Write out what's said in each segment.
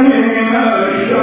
من الشيطان الرجيم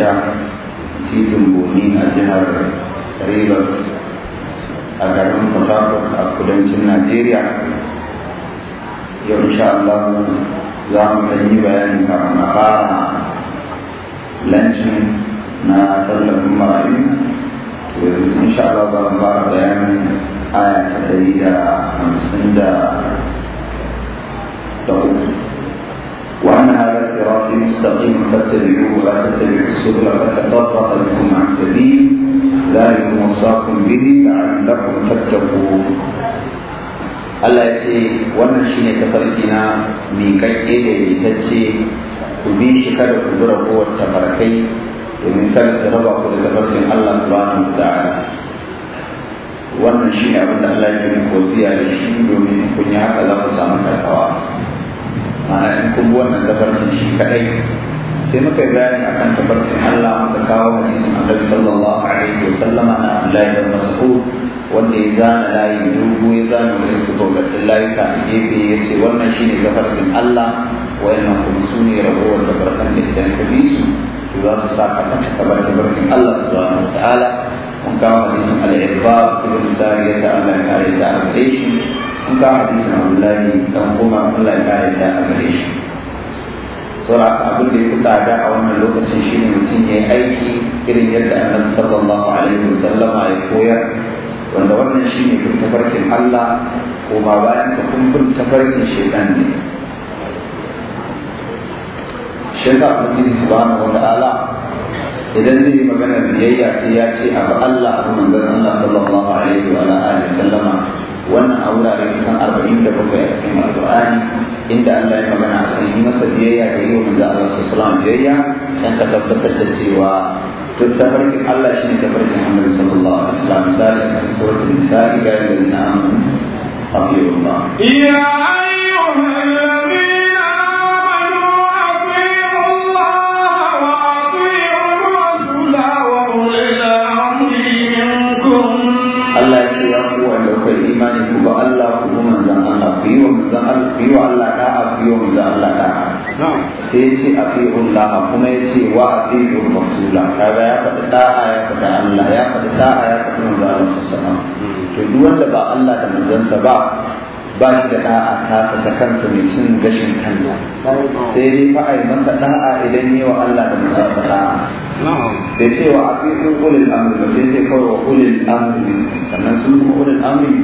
shida titin boni a jihar rivers a garin port a kudancin najeriya yau insha Allah za mu yi na tallafin marayu to yanzu insha Allah aya hamsin da uku المستقيم فاتبعوه ولا تتبعوا السبل فتفرق بكم عن سبيل ذلكم وصاكم به لعلكم تتقون Allah ya ce wannan shi ne tafarki na miƙaƙƙe da yalitacce ku bi shi kada ku zura kowace tafarkai domin kada su raba ku da tafarkin Allah subhanahu wa ta'ala wannan shi ne abin da Allah ya ke wasiya da shi domin kun yi haka za ku samu karkawa ma'ana in kun wannan tafarkin shi kadai sai muka gane akan tafarkin Allah muka kawo hadisin Annabi sallallahu alaihi wa sallam na Abdullahi bin Mas'ud wanda ya zana layi dogo ya zana wani su dogattun layuka a gefe ya ce wannan shine tafarkin Allah wayannan kuma su ne ragowar tafarkin da idan ka bi su to za su sa ka mace ka tafarkin Allah subhanahu wa ta'ala mun kawo hadisin al-Irbab ibn Sariyata Allah ya kare da shi? ka hadisin abdullahi dan kuma Allah ya kare da a gare shi saboda abin da ya fi tsada a wannan lokacin shine mutum ya yi aiki irin yadda annabi sallallahu alaihi sallama ya koyar wanda wannan shine bin tafarkin Allah ko ba bayan sa kun bin tafarkin shaitan ne shi yasa ubangiji subhanahu wataala idan zai magana biyayya sai ya ce abu Allah abu manzon Allah sallallahu alaihi wa alihi wasallama wannan a wurare kusan arba'in da bakwai a cikin alƙur'ani inda an ya magana a kan yi masa biyayya da yi wa manzo Allah sallallahu biyayya dan ka tabbatar da cewa to tafarkin Allah shine tafarkin Muhammad sallallahu alaihi wasallam misali sai sai ga yadda na sai ce a fi fi'ullaha kuma ya ce wa a fi fi'ul masula kaga ya faɗi da'a ya faɗi Allah ya faɗi da'a ya faɗi manzo Allah sallam to duk wanda ba Allah da manzansa ba ba shi da da'a ta ta kansa mai cin gashin kanta sai dai fa ai masa da'a idan yi wa Allah da manzansa ta'a. sai ce wa a fi'ul ulil amri sai ce kawai wa ulil amri sannan sun ulil amri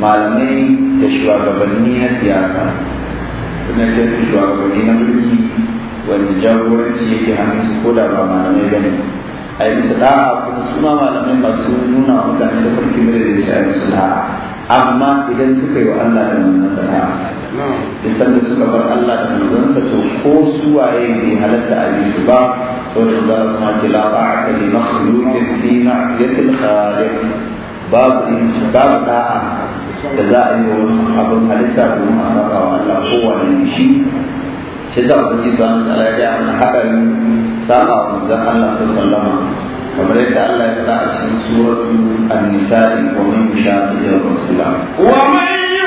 malamai da shugabanni na siyasa suna tafi shugabanni na mulki wanda jagoranci yake hannun su da ba malamai bane a yi musu da'a kuma su malamai masu nuna wa mutane da farki mura da shi a yi da'a amma idan suka yi wa Allah da manzon sa da isan da suka bar Allah da manzon to ko su waye ne halatta a su ba saboda su ba su ma ce la ba'a li makhluqin fi ma'siyatil khaliq babu babu da'a da za a yi wa wasu abin halitta domin a saba wa Allah kowane shi sai sa ubangi subhanahu wataala ya ga mana hadarin saba wa manzon Allah sallallahu alaihi kamar yadda Allah ya faɗa a cikin suratul an-nisa'i wa man yushaqiqi rasulullah wa man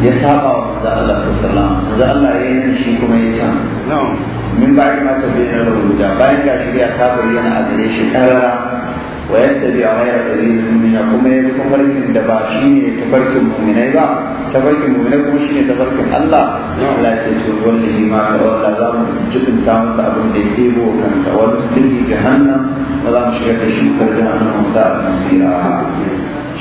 ya saba wa manzo Allah sallallahu alaihi wasallam Allah ya yi shi kuma ya can min ba ma ta bi da rubuta bayan ga shirya ta bayyana a gare shi karara wa yattabi ghayra sabilil mu'minin kuma ya bi tafarkin da ba shi ne tafarkin mu'minai ba tafarkin mu'minai kuma shi ne tafarkin Allah Allah sai to wallahi ma ta walla za mu jibin ta masa abin da ya debo kansa wani sirri jahannam ba za mu shiga da shi kar jahannam ta nasira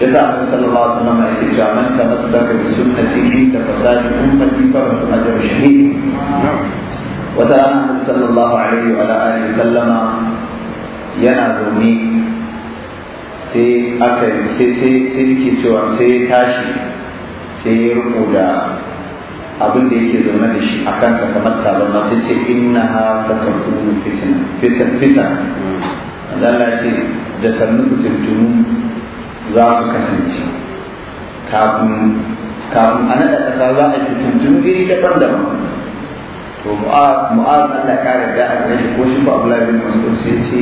جزاء من صلى الله عليه وسلم يتجا من تمسك بسنتي عند فساد أمتي فله شهيد وترى النبي صلى الله عليه وعلى آله وسلم ينادوني sai aka sai sai sai nake cewa sai ya tashi sai ya riko da abin da yake zaune da shi a kansa kamar tabar ma sai ce inna ha saka kunu fitan fitan fitan mm. Allah ce da sannu fitintunu za su kasance kafin kafin a naɗa kasa za a yi tuntun iri daban-daban to mu'az mu'az Allah ya kare da aka yi ko shi ba Abdullahi bin Mas'ud sai ce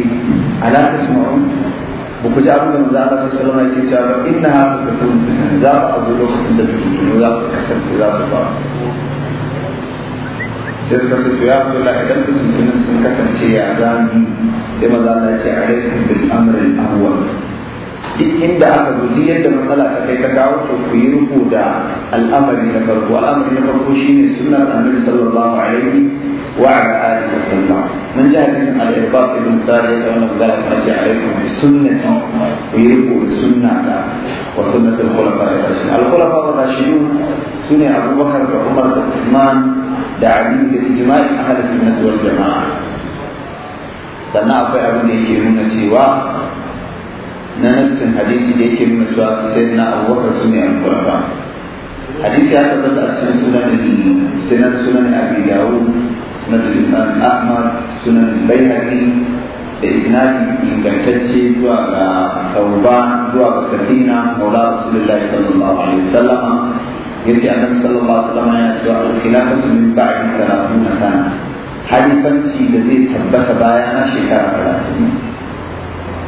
ala tasma'un ba ku ji abin da manzo Allah sallallahu alaihi wasallam yake cewa inna hasa takun za a zo lokacin da tuntun za ku kasance za su ba sai suka ce ya su la idan tuntun sun kasance ya zami sai maza Allah ya ce alaikum bil amri al-awwal duk inda aka zo yadda matsala ta kai ta kawo to ku yi ruku da al'amari na farko al'amari na farko shine sunnar annabi sallallahu alaihi wa ala alihi wa sallam mun ji hadisin al-irbaq ibn sari da wannan da aka ce alaikum bi sunnati ku yi ruku da sunnata wa sunnati al-khulafa ar-rashidin al-khulafa ar-rashidin sune abubakar da umar da usman da ali da ijma'i ahli sunnati wal jama'a sannan akwai abin da yake nuna cewa na nufin hadisi da yake nuna cewa su sai na abubakar su ne alkurfa hadisi ya tabbata a cikin sunan sunan sunan abi dawud sunan imam ahmad sunan bayhaqi da isnadi ingantacce zuwa ga tauba zuwa ga safina maula rasulullahi sallallahu alaihi wasallam yace annabi sallallahu alaihi wasallam yana cewa al-khilafatu min ba'di 30 sana halifanci da zai tabbata bayan shekara 30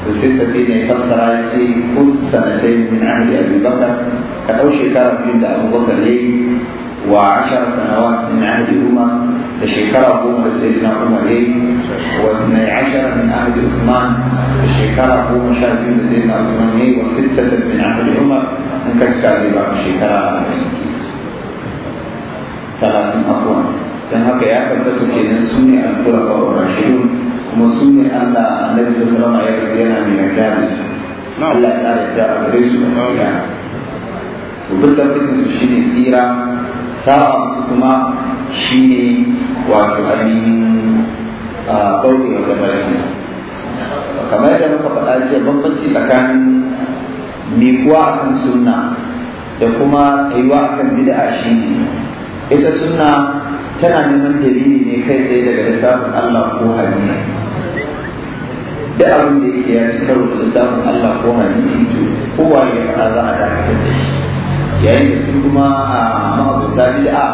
وسيتبين يفسر على شيء كل سنتين من عهد أبي بكر كأوشي كرم عند أبو بكر لي وعشر سنوات من عهد عمر لشيكرة عمر سيدنا عمر لي واثني عشر من عهد عثمان لشيكرة عمر شاهدين سيدنا عثمان لي وستة من عهد عمر من كتك أبي بكر شيكرة ثلاث أقوام لأن يا يعتبر تتين السنة أن تلقى الراشدون kuma su ne Allah Annabi sallallahu a wasallam yana mai yarda da su Allah ya yarda a gare su amin to dukkan cikin su shine tsira sa'a su kuma shine wato ainihin a kauye wa tabaraki kamar yadda muka faɗa a bambanci tsakanin mikuwa akan sunna da kuma tsayuwa akan bid'a shine ita sunna tana neman dalili ne kai tsaye daga lissafin Allah ko hadisi da abin da yake ya ci karo da littafin Allah ko hadisi to kowa ya faɗa za a dakatar da shi yayin da su kuma a ma'abuta bid'a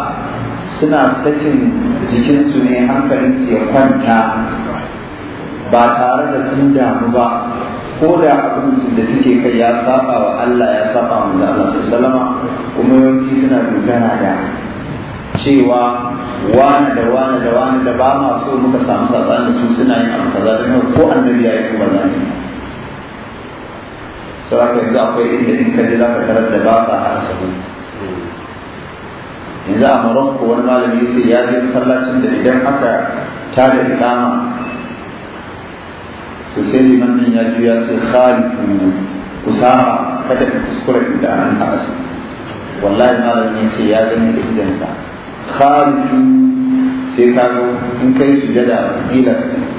suna sakin jikinsu ne hankalinsu ya kwanta ba tare da sun damu ba ko da abin da suke kai ya saba wa Allah ya saba wa Allah sallama kuma yawanci suna dogara da cewa wani da wani da wani da ba ma so muka samu saɓan da su suna yin abu kaza da ko annabi ya yi ko ba za ne sauraka yanzu akwai inda in ka ji za ka tarar da ba sa hana sabu yanzu a maron ko wani malami ya ce ya je masallacin da idan aka da ikama to sai liman nan ya juya sai khalifu kusama kada ka kuskure idanun an asu wallahi malami ya ce ya gani da sa kharifi sai ka zo in kai sujada ila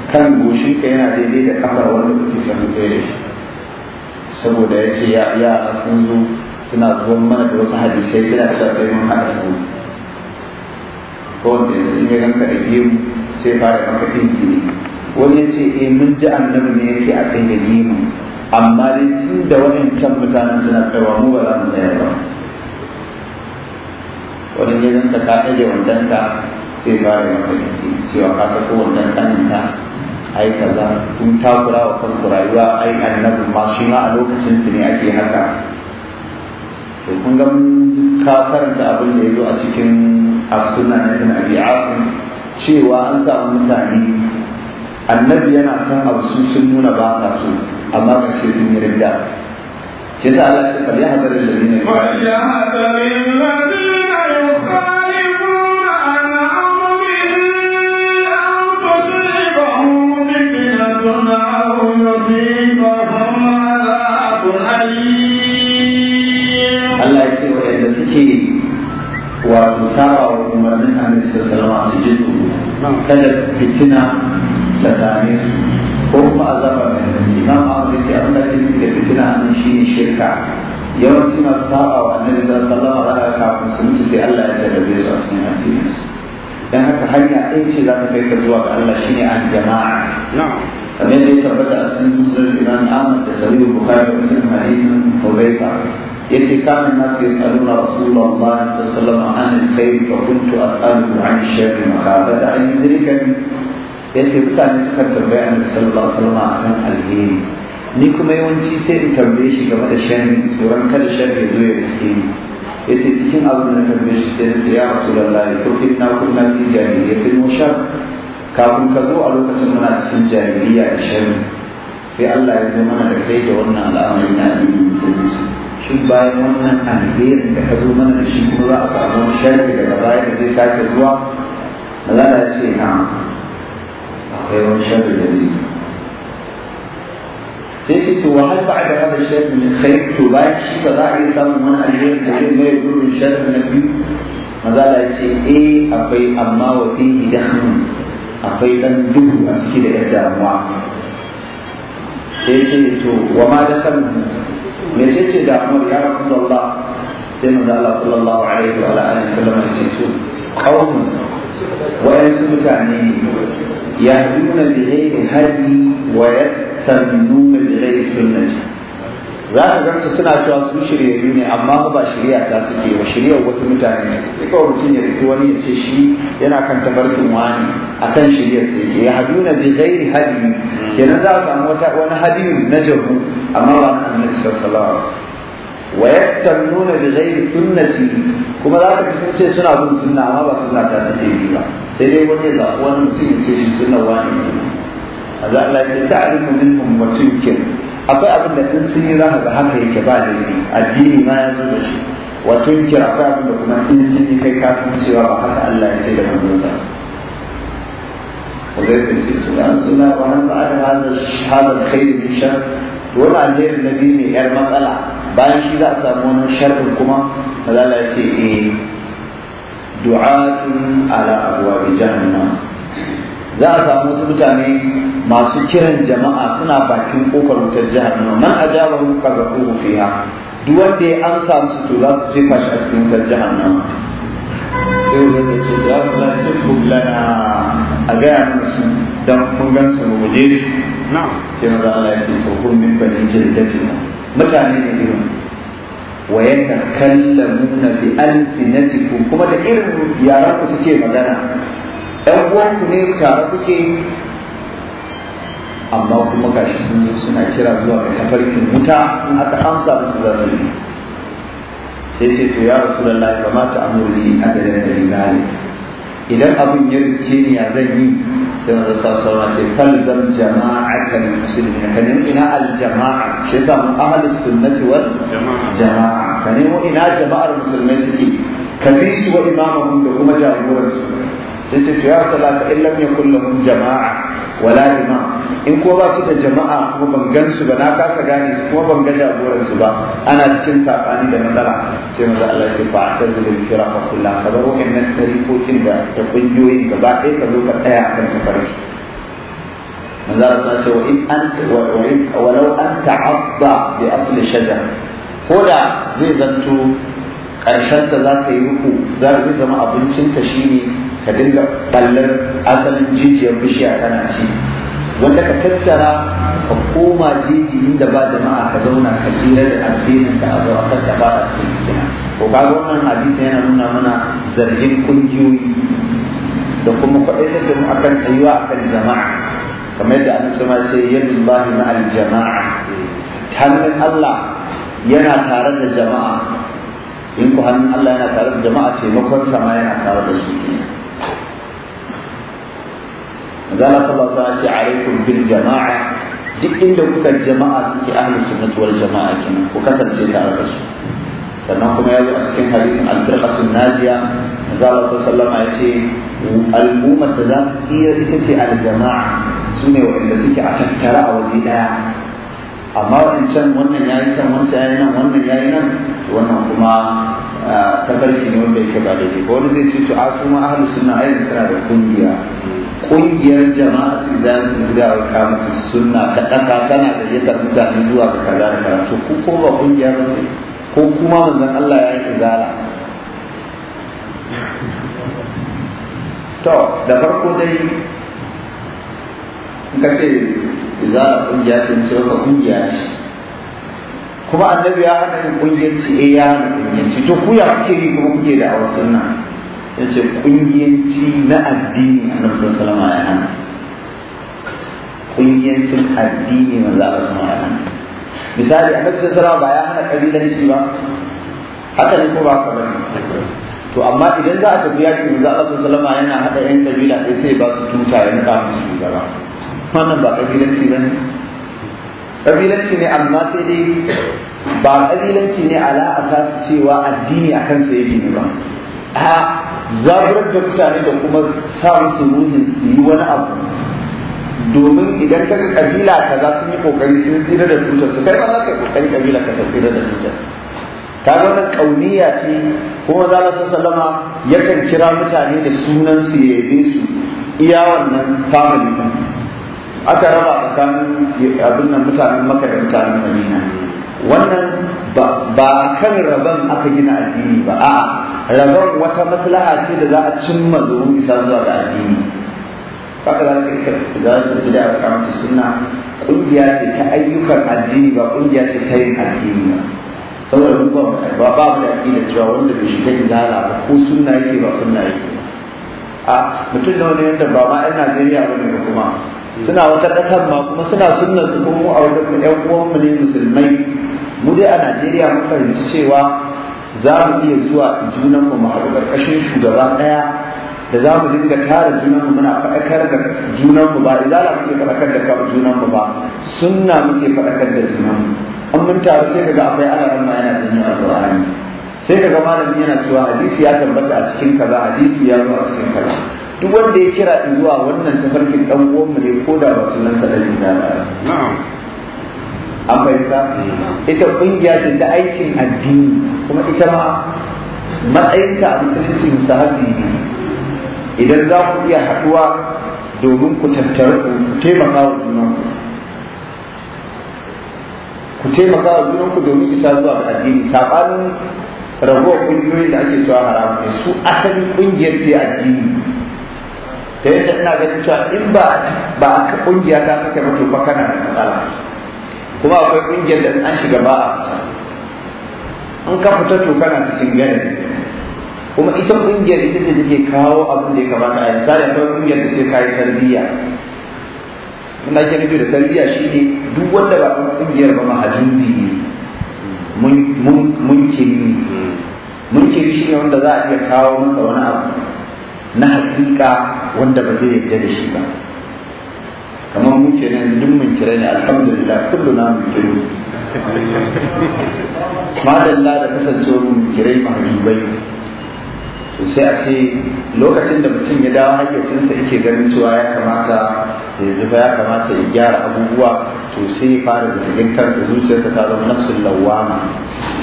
kan goshin ka yana daidai da kamar wanda kuke sanin kai da shi saboda ya ce yara sun zo suna zuwan mana da wasu hadisai suna cewa sai mun haɗa su ko wanda yanzu in ranka da gemu sai fara maka ɗinki wani ya ce eh mun ji annabi ne ya ce a kai amma dai tun da wani wa'ancan mutanen suna tsayawa mu ba za mu tsaya ba wani ne ka ta kaɗa da ta sai da maka iske cewa ka sako kanin ta ai kaza kun takura wa farko rayuwa ai annabi ma shi ma a lokacin su ne ake haka to kun ga ka karanta abin da ya zo a cikin afsunan na ibn abi asim cewa an samu mutane annabi yana kan abu su sun nuna ba sa so amma ƙarshe sun yi rinda shi yasa Allah ya ce fal hadarin da ne suke wato saba wa umarnin annabi sallallahu alaihi wasallam su ji tsoro kada fitina ta same su ko kuma azaba da tsanani imam Ahmad ya ce abin da ake nufi da fitina nan shine shirka yawanci masu saba wa annabi sallallahu alaihi wasallam kafin su mutu sai Allah ya jarrabe su a cikin addinin su dan haka hanya ɗaya ce za ta kai ka zuwa ga Allah shine an jama'a kamar yadda ya tabbata a cikin musulun imam Ahmad da sahihul bukhari da muslim hadisin Hudayfa yace kana nasu yasaluna rasulullah sallallahu alaihi wasallam an alkhair fa kuntu as'aluhu an sharri mahabata an yudrikani yace mutane suka tambaya annabi sallallahu alaihi wasallam akan alheri ni kuma yawanci sai in tambaye shi game da sharri tsoron kada sharri ya zo ya riske ni yace cikin abu da tambaye shi sai nace ya rasulullahi ko inna kunna fi jahiliyyatin wa kafin ka zo a lokacin muna cikin jahiliya da sharri sai Allah ya zo mana da kai da wannan al'amari na addinin musulunci shin bayan wannan alherin da ka zo mana da shi kuma za a samu sharri daga baya da zai sake zuwa Allah ya ce na akwai wani sharri da zai yi sai ce ce wa hal ba'da hada sharri mai khair to bayan shi ba za a iya samun wani alherin da zai mai gurbin sharri na biyu maza ya ce eh akwai amma wa fihi dakhlun akwai dan duhu a ciki da yadda damuwa sai ce to wa ma dakhlun من جد جد عمر يا رسول الله سيدنا الله صلى الله عليه وسلم قوم ويسبك يعني يهدون بغير هدي ويستمنون بغير سنه za ka gansu suna cewa sun shiryayyu ne amma ba shirya ta suke ba shiryar wasu mutane ne kawai mutum ya rufe wani ya ce shi yana kan tabarkin wani a kan shiryar sa yake ya haduna bi ghairi hadi kenan za a samu wani hadin na jahu amma ba na annabi sallallahu wa yastannuna bi ghairi sunnati kuma za ka ji sun ce suna bin sunna amma ba suna ta suke yi ba sai dai wani ya zaɓi wani mutum ya ce shi sunna wani ne Allah ya ta'lamu minhum wa tunkir akwai abin da sun sun yi za ka ga haka yake ba da yi addini ma ya zo da shi wato yin kira akwai abin da kuma in sun yi kai kafin cewa ba haka Allah ya ce da manzonsa وذلك نسيت يا رسول الله da بعد shahadar هذا الخير من to wani عن na biyu من yar matsala bayan shi za a samu wani sharɗin kuma mazala ya ce eh du'atun ala abuwa bi jahannama za a samu wasu mutane masu kiran jama'a suna bakin kofar wutar jihar nan. man ajaba hu ga zaku fiha duk wanda ya amsa musu to za su jefa shi a cikin wutar nan. sai wanda ya ce na sala shirku lana a gaya musu dan kun gan su mu je su na sai na Allah ya ce to kun min bani mutane ne irin wa yatakallamuna bi alfinatikum kuma da irin yaran ku suke magana ɗan uwanku ne tare kuke amma kuma gashi sun yi suna kira zuwa ga tafarkin wuta in aka amsa musu za su yi sai ce to ya rasu lallai ba ma ta amuri a da dalilin idan abin ya riske ni ya zan yi sai wanda sa saura ce falzam jama'a kan musulmi ka nemo ina aljama'a shi yasa mun ahlus sunnati wal jama'a ka nemo ina jama'ar musulmai suke ka bi su wa imamahum da kuma jagoransu sai ce to ya salata in lam yakul lahum jama'a wala imam in ko ba su da jama'a kuma ban gan su ba na kasa gane su kuma ban ga jagoran su ba ana cikin sabani da matsala sai maza Allah ya ce fa tazilul firaqa kullu ka bar wa'annan tarikokin da ta kungiyoyin gaba ɗaya ka zo ka tsaya akan tafarin manzo Allah ce wa in anta wa in walau anta bi asli shajar ko da zai zanto karshen ta za ka yi muku? za ka zama shi shine ka dinga ballar asalin jijiyar bishiya kana ci wanda ka tattara ka koma jeji inda ba jama'a ka zauna ka tsira da addinin ka a zuwa kan da ba a cikin gida ko ga wannan hadisi yana nuna mana zargin kungiyoyi da kuma kwaɗaitar da mu akan tsayuwa akan jama'a kamar yadda annabi sama ce yadullahi ma'al jama'a hannun Allah yana tare da jama'a in ku hannun Allah yana tare da jama'a taimakon sama yana tare da su kenan ta ce a alaikum bil jama'a duk inda kuka jama'a suke ahli sunnati jama'a kenan ku kasance tare da su sannan kuma ya zo a cikin hadisin al-firqatun najiya zala sallallahu alaihi ya ce al'ummar da za su iya ita ce aljama'a su ne waɗanda suke a tattara a waje ɗaya amma wancan wannan ya yi can wancan ya yi nan wannan ya yi nan wannan kuma tafarki ne wanda yake ba daidai ba wani zai ce to a ah, su ma ahalu suna yanzu suna da kungiya kungiyar jama'a ta za ta gida wa kamata suna ta ɗaka tana da yadda mutane zuwa ga kaza da kaza to ko ba kungiya ba ce ko kuma manzan Allah ya yi izala to da farko dai ka ce izara kungiya ce ce wata kungiya ce kuma annabi ya haɗa ni kungiyar ce eh ya hana kungiyar ce to ku ya kuke yi kuma kuke da awar sunna ya ce kungiyanci na addini a nan sun salama ya hana kungiyancin addini ma za a sallallahu alaihi hana misali a nan sun salama ba ya hana kabilanci ba haka ne ko ba ka bari to amma idan za a tafi yaki za Allah sallallahu alaihi yana haɗa yan ɗaya sai ba su tuta yana ba su shugaba wannan ba kabilanci ba ne kabilanci ne amma sai dai ba kabilanci ne ala su cewa addini a kansa yake ne ba a zaburar da mutane da kuma sa musu ruhin su yi wani abu domin idan ka ga kabila za su yi kokari sun tsira da tutar su kai ma za ka yi kokari kabila ka tsira da tutar ta wannan kauniya ce kuma za ka sallama yakan kira mutane da sunan su ya yabe su iya wannan family aka raba tsakanin abin nan mutanen maka da mutanen madina wannan ba kan rabon aka gina addini ba a rabon wata maslaha ce da za a cimma zuwan isa zuwa ga addini haka za ka kira za ka tafi da aka kamata suna ƙungiya ce ta ayyukan addini ba ƙungiya ce ta yin addini ba saboda mu ba ba mu da aƙida cewa wanda bai shiga izala ba ko suna yake ba suna yake a mutum da wani yadda ba ma 'yan Najeriya ba ne kuma suna wata ƙasar ma kuma suna sunnar su kuma a wajen ƴan uwan mu ne musulmai mu dai a Najeriya mun fahimci cewa za mu iya zuwa junan mu haɗu ƙarƙashin shugaba ɗaya da za mu dinga tara junan mu muna faɗakar da junan mu ba izala muke faɗakar da junan mu ba sunna muke faɗakar da mu an mun taru sai kaga akwai alaran ma yana a alƙur'ani sai kaga malami yana cewa hadisi ya tabbata a cikin kaza hadisi ya zo a cikin kaza duk wanda ya kira zuwa wannan tafarkin dan uwan mu ne ko da ba sunan sa da dina ba an ita kungiya ce ta aikin addini kuma ita ma matsayinta a musulunci musahabi ne idan za ku iya haɗuwa domin ku tattara ku taimaka wa junanku ku taimaka wa ku domin isa zuwa ga addini saɓanin raguwa ƙungiyoyin da ake cewa haramu su asalin ƙungiyar ce addini ta yadda ina ganin cewa in ba ba a kungiya ta kake mutu ba kana da matsala kuma akwai kungiyar da an shiga ba a fita in ka fita to kana cikin gani kuma ita kungiyar ita ce take kawo abin da ya kamata a misali akwai kungiyar da take kayi tarbiyya ina ke nufi da tarbiyya shine duk wanda ba kungiyar ba mahajjubi ne mun mun mun kiri shi ne hmm. shine wanda za a iya kawo masa wani abu na hakika wanda ba zai yarda da shi ba kamar mu nan, duk mun kira ne alhamdulillah kullu na mun kira ma da kasancewar mun kira bai. to sai a ce lokacin da mutum ya dawo sa yake ganin cewa ya kamata ya zuba ya kamata ya gyara abubuwa to sai ya fara zargin kansa zuciyarsa ta zama nafsin lawama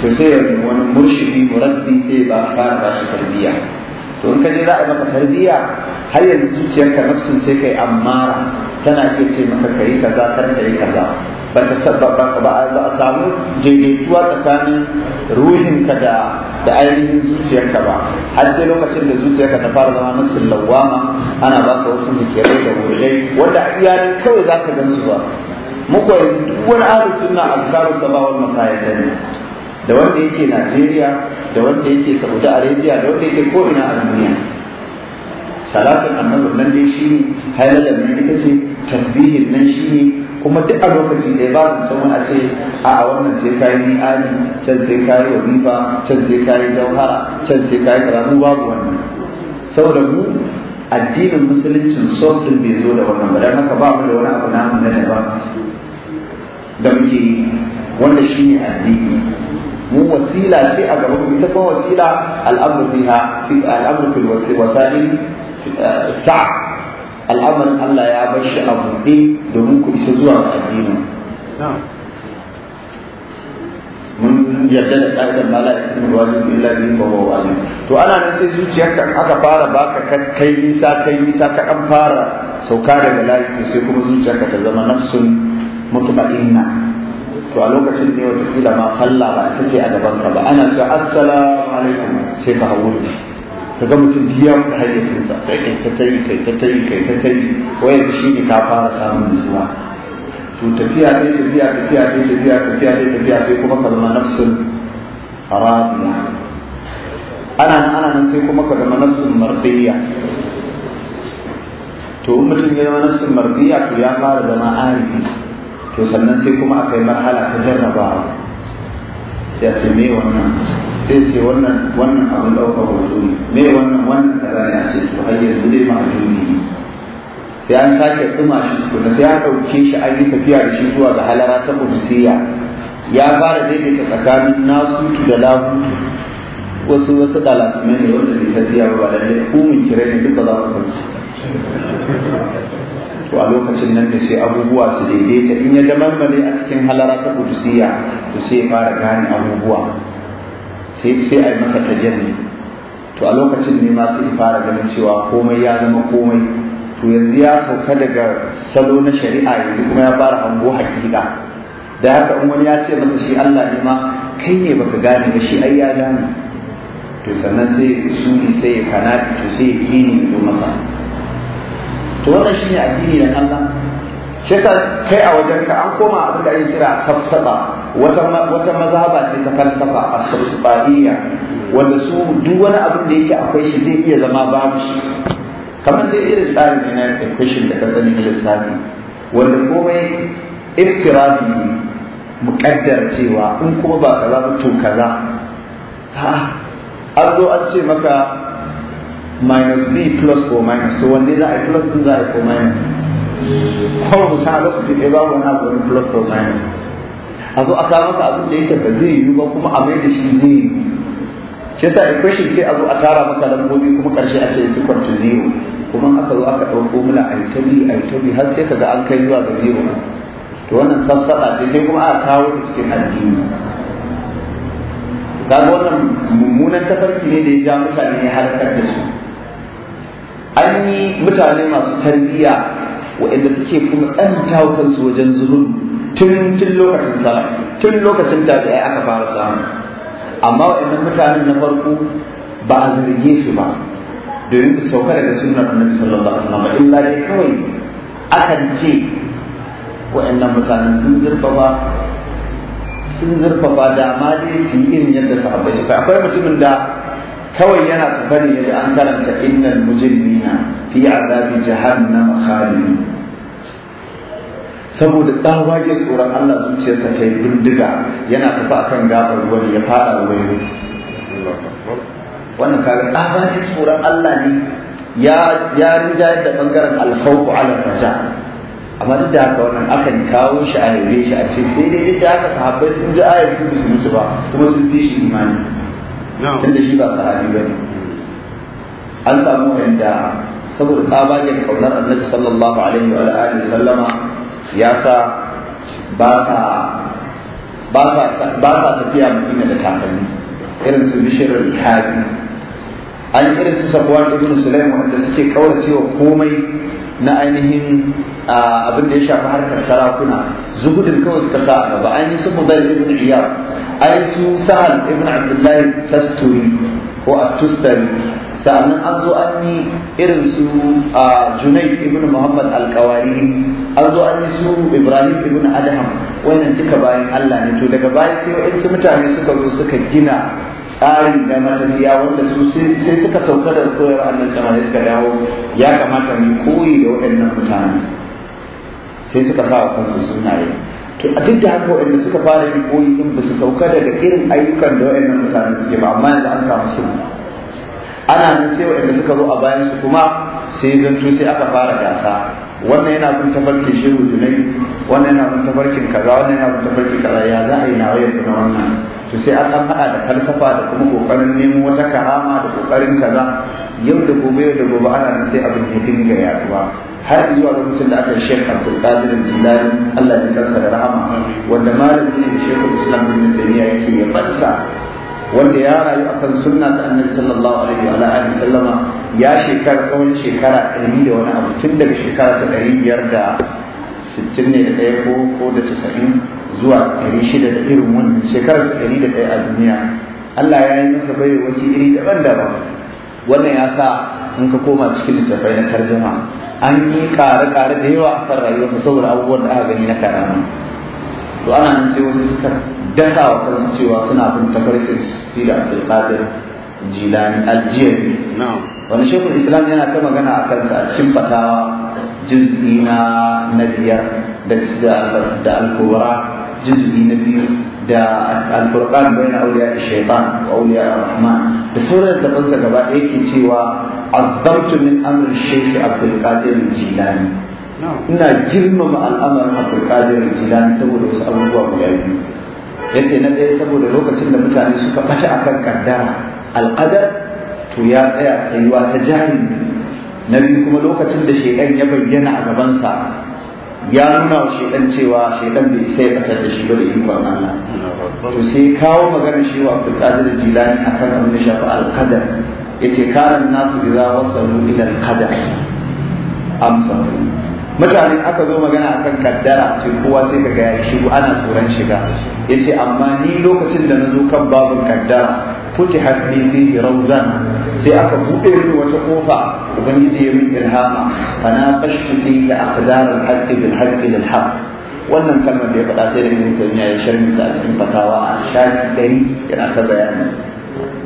to sai ya wani murshidi muraddi sai ba ba fara ba shi tarbiyya to in ka je za a maka tarbiyya har yanzu zuciyarka nafsun ce kai amma tana iya ce maka kai kaza kar ka yi kaza ba ta sabba ba a samu daidaituwa tsakanin ruhinka da da ainihin zuciyarka ba har sai lokacin da zuciyarka ta fara zama nasin lawama ana ba ka wasu zikirai da wurai wanda a iyalin kawai za ka gan su ba muku duk wani ahlus sunna azkaru sabawal masaya ne da wanda yake Najeriya da wanda yake Saudi Arabia da wanda yake ko ina a duniya salatin annabi nan dai shi ne halalar nan ita ce tasbihin nan shi ne kuma duk a lokaci da ba mu san a ce a a wannan sai kai ni aji can sai kai wazifa can sai kai jauhara can sai kai karatu babu wannan saboda mu addinin musuluncin sosin bai zo da wannan ba don haka ba mu da wani abu na daban da muke wanda shi ne addini mu wasila ce a gaban mu ita kuma wasila al'amru fiha fi al'amru fil wasail eh, sa'a al'amarin Allah ya bashi shi a buɗe domin ku isa zuwa ga addini mun yarda da ƙa'idar ma la yakunu wajibu illa bi fa huwa wajib to ana nan sai zuciyarka aka fara baka kai nisa kai nisa ka kan fara sauka daga layi sai kuma zuciyarka ta zama nafsun mutma'inna to a lokacin ne wata kila ma sallah ba ta ce a gaban ka ba ana cewa assalamu alaikum sai ka hawo ka ga mutum jiya hayyacin sa sai kai ta tayi kai ta tayi kai ta tayi waye shi ne ka fara samun nutsuwa to tafiya dai tafiya tafiya dai tafiya tafiya dai tafiya sai kuma ka zama nafsun radiya ana nan ana nan sai kuma ka zama nafsun mardiya to mutum ya zama nafsun mardiya to ya fara zama arifi to sannan sai kuma aka yi marhala ta jarrabawa sai a ce me wannan sai ce wannan wannan abu dauka hoto ne me wannan wannan da rana a ce to har yanzu dai ma ne sai an sake tsuma shi tukuna sai ya dauke shi an yi tafiya da shi zuwa ga halara ta kursiya ya fara daidaita tsakanin nasutu da lahutu wasu wasu dalasumai ne wanda zai tafiya ba da ne kumin kire ne duk ba za mu san su to a lokacin nan da sai abubuwa su daidaita in ya damarmare a cikin halara ta kudusiya to sai ya fara gane abubuwa sai sai a yi ta tajalli to a lokacin ne ma sai fara ganin cewa komai ya zama komai to yanzu ya sauka daga salo na shari'a yanzu kuma ya fara hango hakika da haka in wani ya ce masa shi Allah ne ma kai ne baka gane ba shi ai ya gane to sannan sai ne sai ya kana to sai ya kini masa to wannan shine addini na Allah shi yasa kai a wajen ka an koma abin da ake kira safsaba wata wata mazhaba ce ta falsafa as-safsabiyya wanda su duk wani abin da yake akwai shi zai iya zama babu shi kamar dai irin tsarin na equation da ka sani na lissafi wanda komai iftirabi muƙaddar cewa in kuma ba kaza ba to kaza ha an zo an ce maka minus B plus ko minus to wanda za a plus din za a ko minus kawai mu sa lokaci ɗaya babu wani abu plus ko minus a zo a kawo maka abin da yake ba zai yi ba kuma a mai da shi zai yi shi yasa equation sai a zo a tara maka lambobi kuma karshe a ce su equal to zero kuma aka zo aka ɗauko mana a yi tabi a yi tabi har sai ka ga an kai zuwa ga zero to wannan sassaɓa ce sai kuma aka kawo ta cikin addini kaga wannan mummunan tafarki ne da ya ja mutane ya halakar da su an yi mutane masu tarbiyya waɗanda suke kuma tsananta wa kansu wajen zuhud tun tun lokacin sa tun lokacin tabi'ai aka fara samu amma waɗannan mutanen na farko ba a zarge su ba domin su sauka daga sunnar annabi sallallahu alaihi wasallam illa dai kawai akan ce waɗannan mutanen sun zurfafa sun zurfafa da ma dai su yi irin yadda sahabbai suka akwai mutumin da kawai yana tsibari ya ji an karanta innal mujrimina fi azabi jahannam khalidun saboda tsawa ke tsoron Allah zuciyarsa ta yi bindiga yana tafi akan gabar wani ya fara wani wannan kaga tsawa tsoron Allah ne ya ya rinja da bangaren alkhawfu ala raja amma duk da haka wannan akan kawo shi a yabe shi a ce sai dai duk da haka sahabbai sun ji ayar su ba kuma sun fi shi imani tunda shi ba sahabi ba ne an samu wanda saboda tsabagen kaunar annabi sallallahu alaihi wa alihi sallama ya sa ba sa tafiya mutum da takalmi irin su bishirar kabi an irin su sabuwar ibn sulaim wanda suke kaurace wa komai na ainihin abin da ya shafi harkar sarakuna zuhudin kawai suka sa a gaba ainihin su mudar ibn iyar ai su sahal ibn abdullahi tasturi ko a tustari sa'annan an zo an yi irin su a junai ibn muhammad alkawari an zo an yi su ibrahim ibn adham wannan duka bayan allah ne to daga baya sai wa'in mutane suka zo suka gina tsarin da matafiya wanda su sai suka sauka da koyar annan sama da suka dawo ya kamata mu koyi da waɗannan mutane sai suka sa wa kansu sunaye to a duk da haka waɗanda suka fara yin koyi din ba su sauka daga irin ayyukan da waɗannan mutane suke ba amma yanzu an samu su ana nan sai waɗanda suka zo a bayan su kuma sai zanto sai aka fara gasa wannan yana bin tafarkin shehu dunai wannan yana bin tafarkin kaza wannan yana bin tafarkin kaza ya za a yi nawa yanzu na wannan to sai an dan hada da falsafa da kuma kokarin nemo wata karama da kokarin kaza yau da gobe da gobe ana nan sai abin ya ga yaduwa har zuwa lokacin da aka shekh Abdul Qadir Jilani Allah ya karsa da rahama wanda malamin ne Sheikhul Islam Ibn Taymiyyah yake ya fassa wanda ya rayu akan sunna ta Annabi sallallahu alaihi wa alihi sallama ya shekara kawai shekara 100 da wani abu tun daga shekara ta 500 da 60 ne da ɗaya ko da 90 zuwa ɗari shida da irin wannan shekarar ɗari da ɗaya a duniya Allah ya yi masa bai wajen iri daban-daban wannan ya sa in ka koma cikin littattafai na tarjuma an yi ƙare-ƙare da yawa a kan rayuwarsa saboda abubuwan da aka gani na karama to ana nan sai wasu suka dasa wa kansu cewa suna bin tafarkin sira a qadir jilani aljeri wani shekul islam yana ta magana a kansa a cikin fatawa juz'i na na biyar da da juzuli na biyu da alfurqan bayan auliya shaitan wa auliya rahman da ta fasa gaba ɗaya yake cewa azabtu min amrin shaykh abdul qadir jilani ina girmama al'amarin abdul qadir jilani saboda wasu abubuwa guda biyu yace na ɗaya saboda lokacin da mutane suka ɓata akan kaddara al'adar to ya tsaya ta tsayuwa ta jahili na biyu kuma lokacin da shaitan ya bayyana a gabansa ya nuna wa shaidan cewa shaidan bai sai batar da shi ba da ikon Allah to sai kawo magana shi wa Abdul Qadir Jilani akan abin da shafi al-qadar ce karan nasu idza wasu ila al-qadar amsa mutane aka zo magana akan kaddara ce kowa sai ka ga shigo ana tsoron shiga Ya ce amma ni lokacin da na zo kan babin kaddara kuti hadisi Rauzan? sai aka buɗe mini wata kofa ubangiji ya min ilhama fa na fashu fi da aqdar al bil lil haqq wannan kalmar da ya faɗa sai da ibn taymiya ya sharmi ta cikin fatawa a shafi 100 yana ta bayani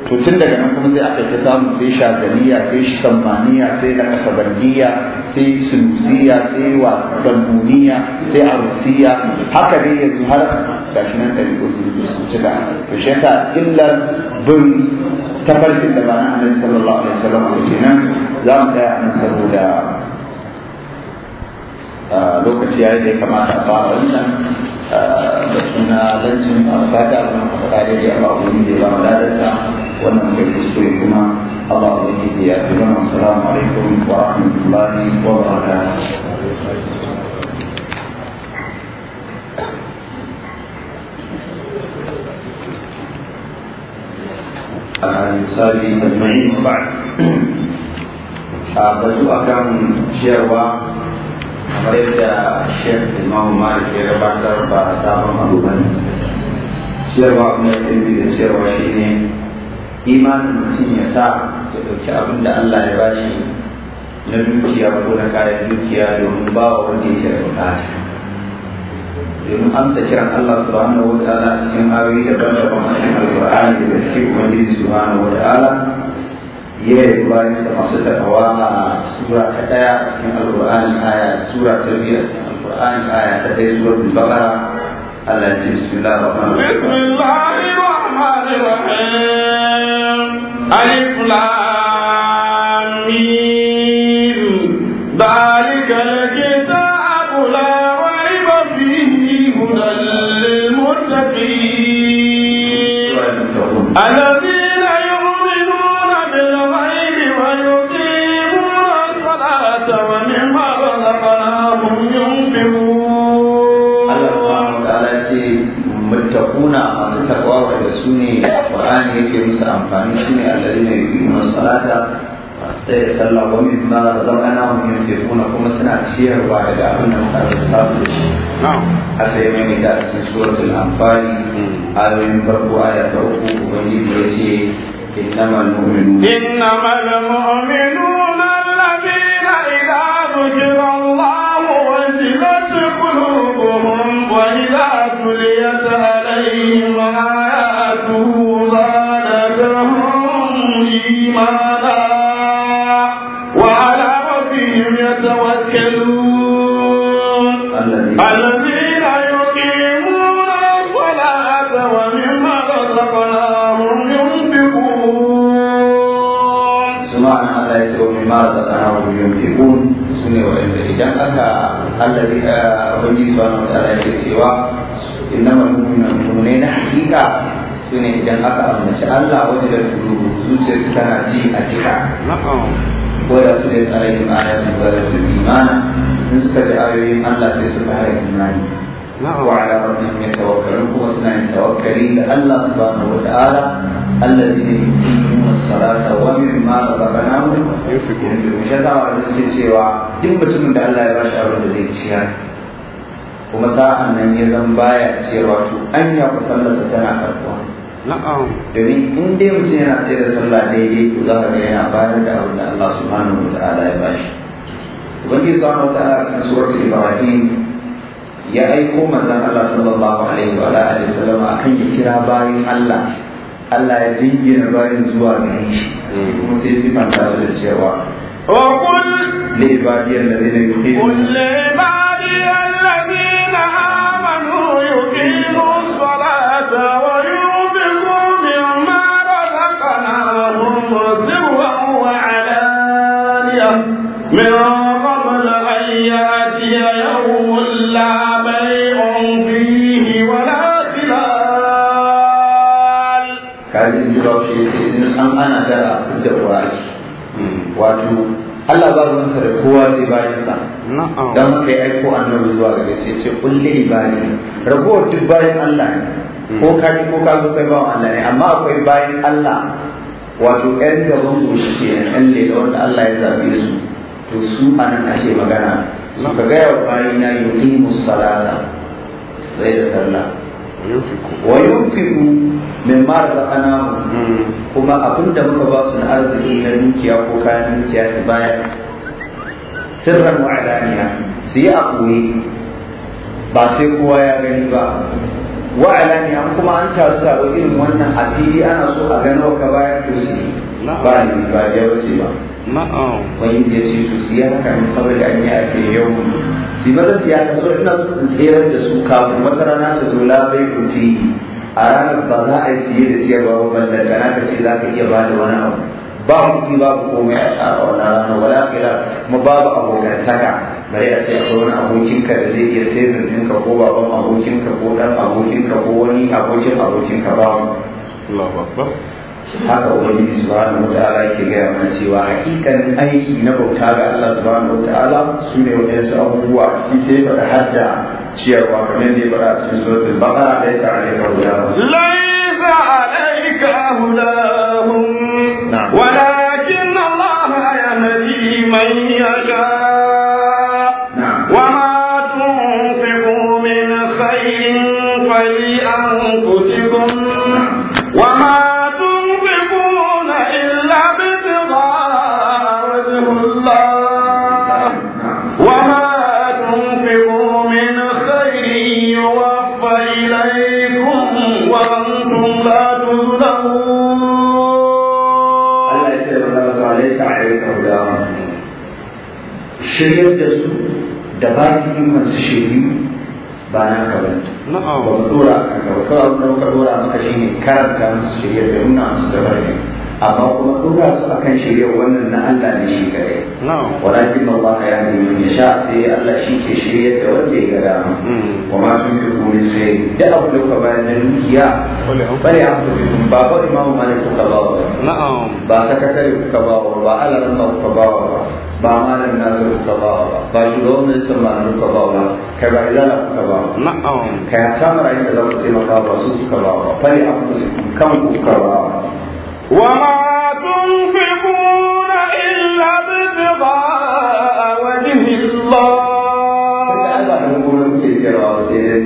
to tun daga nan kuma sai aka ta samu sai shagaliya sai shammaniya sai da kasabandiya sai sunusiya sai wa dambuniya sai arusiya haka dai yanzu har gashi nan ɗari ko sun su cika to shi yasa illar bin tafarkin da ba na annabi sallallahu alaihi wasallam kenan za mu tsaya nan saboda lokaci ya da ya kamata a fara wancan da suna lancin alfata kuma faɗa da ya ba wani da ya ba ladarsa wannan bai kuskure kuma Allah ya ke ya fi assalamu alaikum wa rahmatullahi wa barakatuh eh, sabi da mai ah, ba a bazu akan ciyarwa kamar yadda shek imamu malik ya gabatar ba sabon abu ciyarwa kuma ya ɗin da ciyarwa shi ne imanin mutum ya sa ya ɗauki abin da allah ya bashi na dukiya ko na kayan dukiya domin ba wa wanda yake da domin amsa kiran allah subhanahu wa ta'ala a cikin ayoyi daban-daban a cikin alƙur'ani da gaske ubangiji subhanahu wa ta'ala يا إبراهيم تفاصيل هو سورة كتاية اسم القرآن الآية سورة تربية اسم القرآن الآية تأتي سورة البقرة التي بسم الله الرحمن الرحيم بسم الله الرحمن الرحيم ألف لام ذلك الكتاب لا ريب فيه هدى للمتقين ألم yake musu amfani shi ne allari ne yuqimuna salata masu tsaye da sallah wa mimma razaqnahum yunfiquna kuma suna ciyarwa da abin da muka ta su da shi aka yi mai da cikin suratul anfal hmm. ayoyin farko aya ta uku ubangiji ya ce innamal mu'minun innamal mu'minun aka alladhi rabbi eh, subhanahu wa ta'ala ya cewa innama al-mu'minuna mu'minuna na hakika sune idan aka ambaci Allah wajen da dudu zuciyar su tana ji a jika ko da su dai tsare yin ayatun tsare su imana in suka ji ayoyin Allah sai su fara yin imani wa ala rabbin ya tawakkalu kuma suna yin tawakkali da Allah subhanahu wa ta'ala alladhi ne salata wa mimma razaqnahu yunfiqun shi yasa wanda suke cewa duk mutumin da Allah ya ba shi abin da zai ciyar kuma sa'an nan ya zan baya ciyarwa to an ya ku sallarsa tana karɓuwa na'am domin in dai mutum yana tsaye da sallah daidai to za ka ga yana bayar da abin da Allah subhanahu wa ta'ala ya ba shi ubangiji subhanahu wa ta'ala a cikin suratul ibrahim ya aiko manzon Allah sallallahu alaihi wa alihi wasallam akan ya kira bayin Allah Allah ya jingina bayan zuwa gare shi kuma sai sifanta su da cewa وقل لعبادي الذين يقيمون قل لعبادي الذين da da qur'ani wato Allah ba ruwan sa da kowa sai bayan sa dan haka ya aiko annabi zuwa ga sai ce kulli ibadi rabuwar duk bayan Allah hmm. ko ka ko ka zo kai bawan Allah ne amma akwai bayan Allah wato ɗan da ban ku shi ne ƴan da wanda Allah ya zabe su to su anan ake magana ka gaya wa na yi salata sai da sallah wa yunfiqu min mara zakana hmm. kuma abin da muka ba su na arziki na dukiya ko kayan dukiya su bayar sirran wa'adaniya su yi a ba sai kowa ya gani ba wa'adaniya kuma an taru da irin wannan fili ana so a gano ka bayar to shi ba ne ba ya wuce ba wani ya ce to siya haka min kamar da an yi ake yau si ba da siya ta so ina su in da su kafin wata rana ta zo labai kuti a ranar ba za a yi siye da siyarwa ba banda kana ka ce za ka iya ba da wani abu ba kuɗi babu komai a wannan rana wala kira mu babu abokantaka bari a ce akwai wani abokinka da zai iya sirrin ɗinka ko baban abokinka ko ɗan abokinka ko wani abokin abokinka ba haka ubangiji subhanahu wataala yake gaya mana cewa hakikanin aiki na bauta ga Allah subhanahu wataala su ne waɗansu abubuwa a ciki sai faɗa hadda ليس عليك هداهم ليس عليك هداهم ولكن الله يهدي من يشاء وما تنفقوا من خير فلأنفسكم وما shiryar da su da ba su yi masu shiri ba na ka ba mu dora a ka ba kawai dora maka shi ne karanta masu shirya da nuna masu da ne amma kuma dora su akan shirya wannan na Allah ne shi kare walakin Allah ya nemi ya sha sai Allah shi ke shirya da wanda ya ga dama hmm. wa ma sun fi kuri sai da abu da ka bayar da dukiya bari an fi ba ba imamu malik ka ba ba ba sakatare kuka ba ba ba alaran kuka ba wa ba ba malam nasiru ka ba ba ba shugaban ministan ma'anu kai ba izala na'am kai a samar ayin da za ku taimaka ba su ka ba ba fari a ku kan ku ka da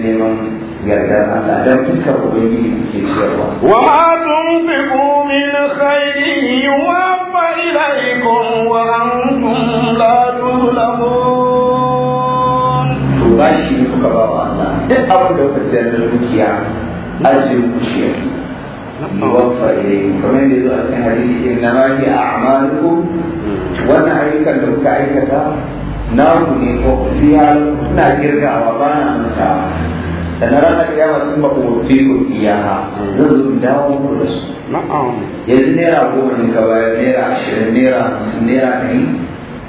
neman yardar Allah dan iskar ubangiji ke ciyarwa wa ma tunfiqu min khairin yuwaffa ilaykum wa antum la tuzlamun to bashi ne kuka ba wa Allah duk abin da kuka ciyar da dukiya ajin ku shi yake yuwaffa ilaykum aikata na ku ne ko siya ina girgawa ba na mutawa sannan ranar kiyama sun maku mutu ku iyaha zan zo in dawo muku da su yanzu naira goma ne ka bayar naira ashirin naira hamsin naira ɗari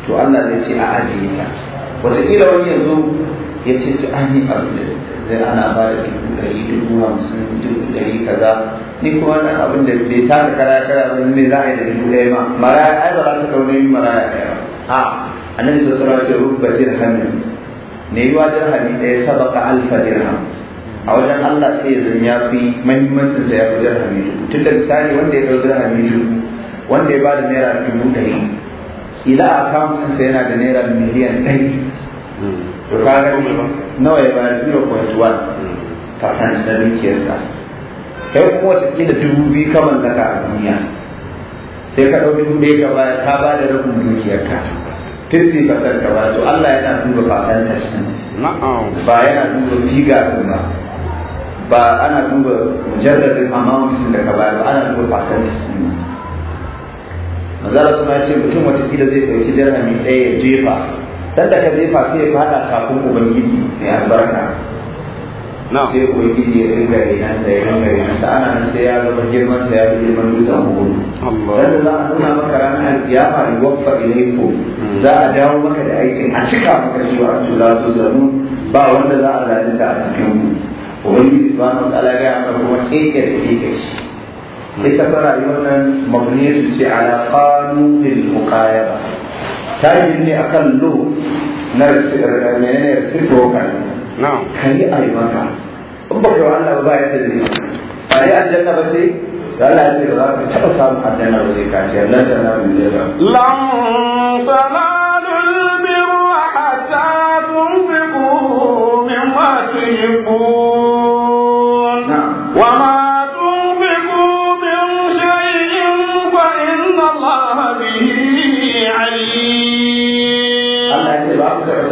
to Allah zai ce a ajiye ta wataƙila wani ya zo ya ce ci an yi abu da zai ana ba da dubu ɗari dubu hamsin dubu ɗari kaza ni kuma wannan abin da bai taka kara kara ba ne za a yi da dubu ɗaya ma maraya ai ba za su kawo yin maraya ɗaya ba a annabi sallallahu alaihi wasallam ya ce rubba dirhamin ne yiwa dirhami ɗaya sabaka alfa dirham a wajen Allah sai zan ya fi mahimmancin sa ya fi dirhami tun da misali wanda ya ɗauki dirhami wanda ya ba da naira dubu ɗari kila a akawuntin sa yana da naira miliyan ɗari to kaga nawa ya bayar 0.1 percent na dukiyarsa kai kuma wata kila dubu biyu ka zaka a duniya sai ka ɗau dubu ɗaya ka bayar ka ba da rabin ka fifty percent ka bayar to Allah yana duba shi. ba yana duba figa ba ba ana duba jaddadin amount da ka bayar ba ana duba percentage ne manzara suna ce mutum wata kila zai ɗauki dirhami ɗaya ya jefa dan da ka jefa sai ya fada kafin ubangiji mai albarka sai ubangiji ya dinga renansa ya dinga renansa ana nan sai ya zama girman sa ya fi girman dutsen hudu dan da za a nuna maka ranar alkiyama ne wafa ilaiku za a dawo maka da aikin a cika maka shi wa a tura su zanu ba wanda za a zalunta a cikin ubangiji subhanahu wa ta'ala ya ga kuma keke da keke shi ita fa rayuwar nan mabniyatu ce ala qanunil ta yi ne akan lo na menene reciprocal na'am kan yi ayyuka in ba kai Allah ba ya tsaye ba ya aljanna ba sai Allah ya ce ba za ka taɓa samun aljanna ba sai ka ce lan tanalu birra lan tanalu birra hatta tunfiqu mimma tuhibbun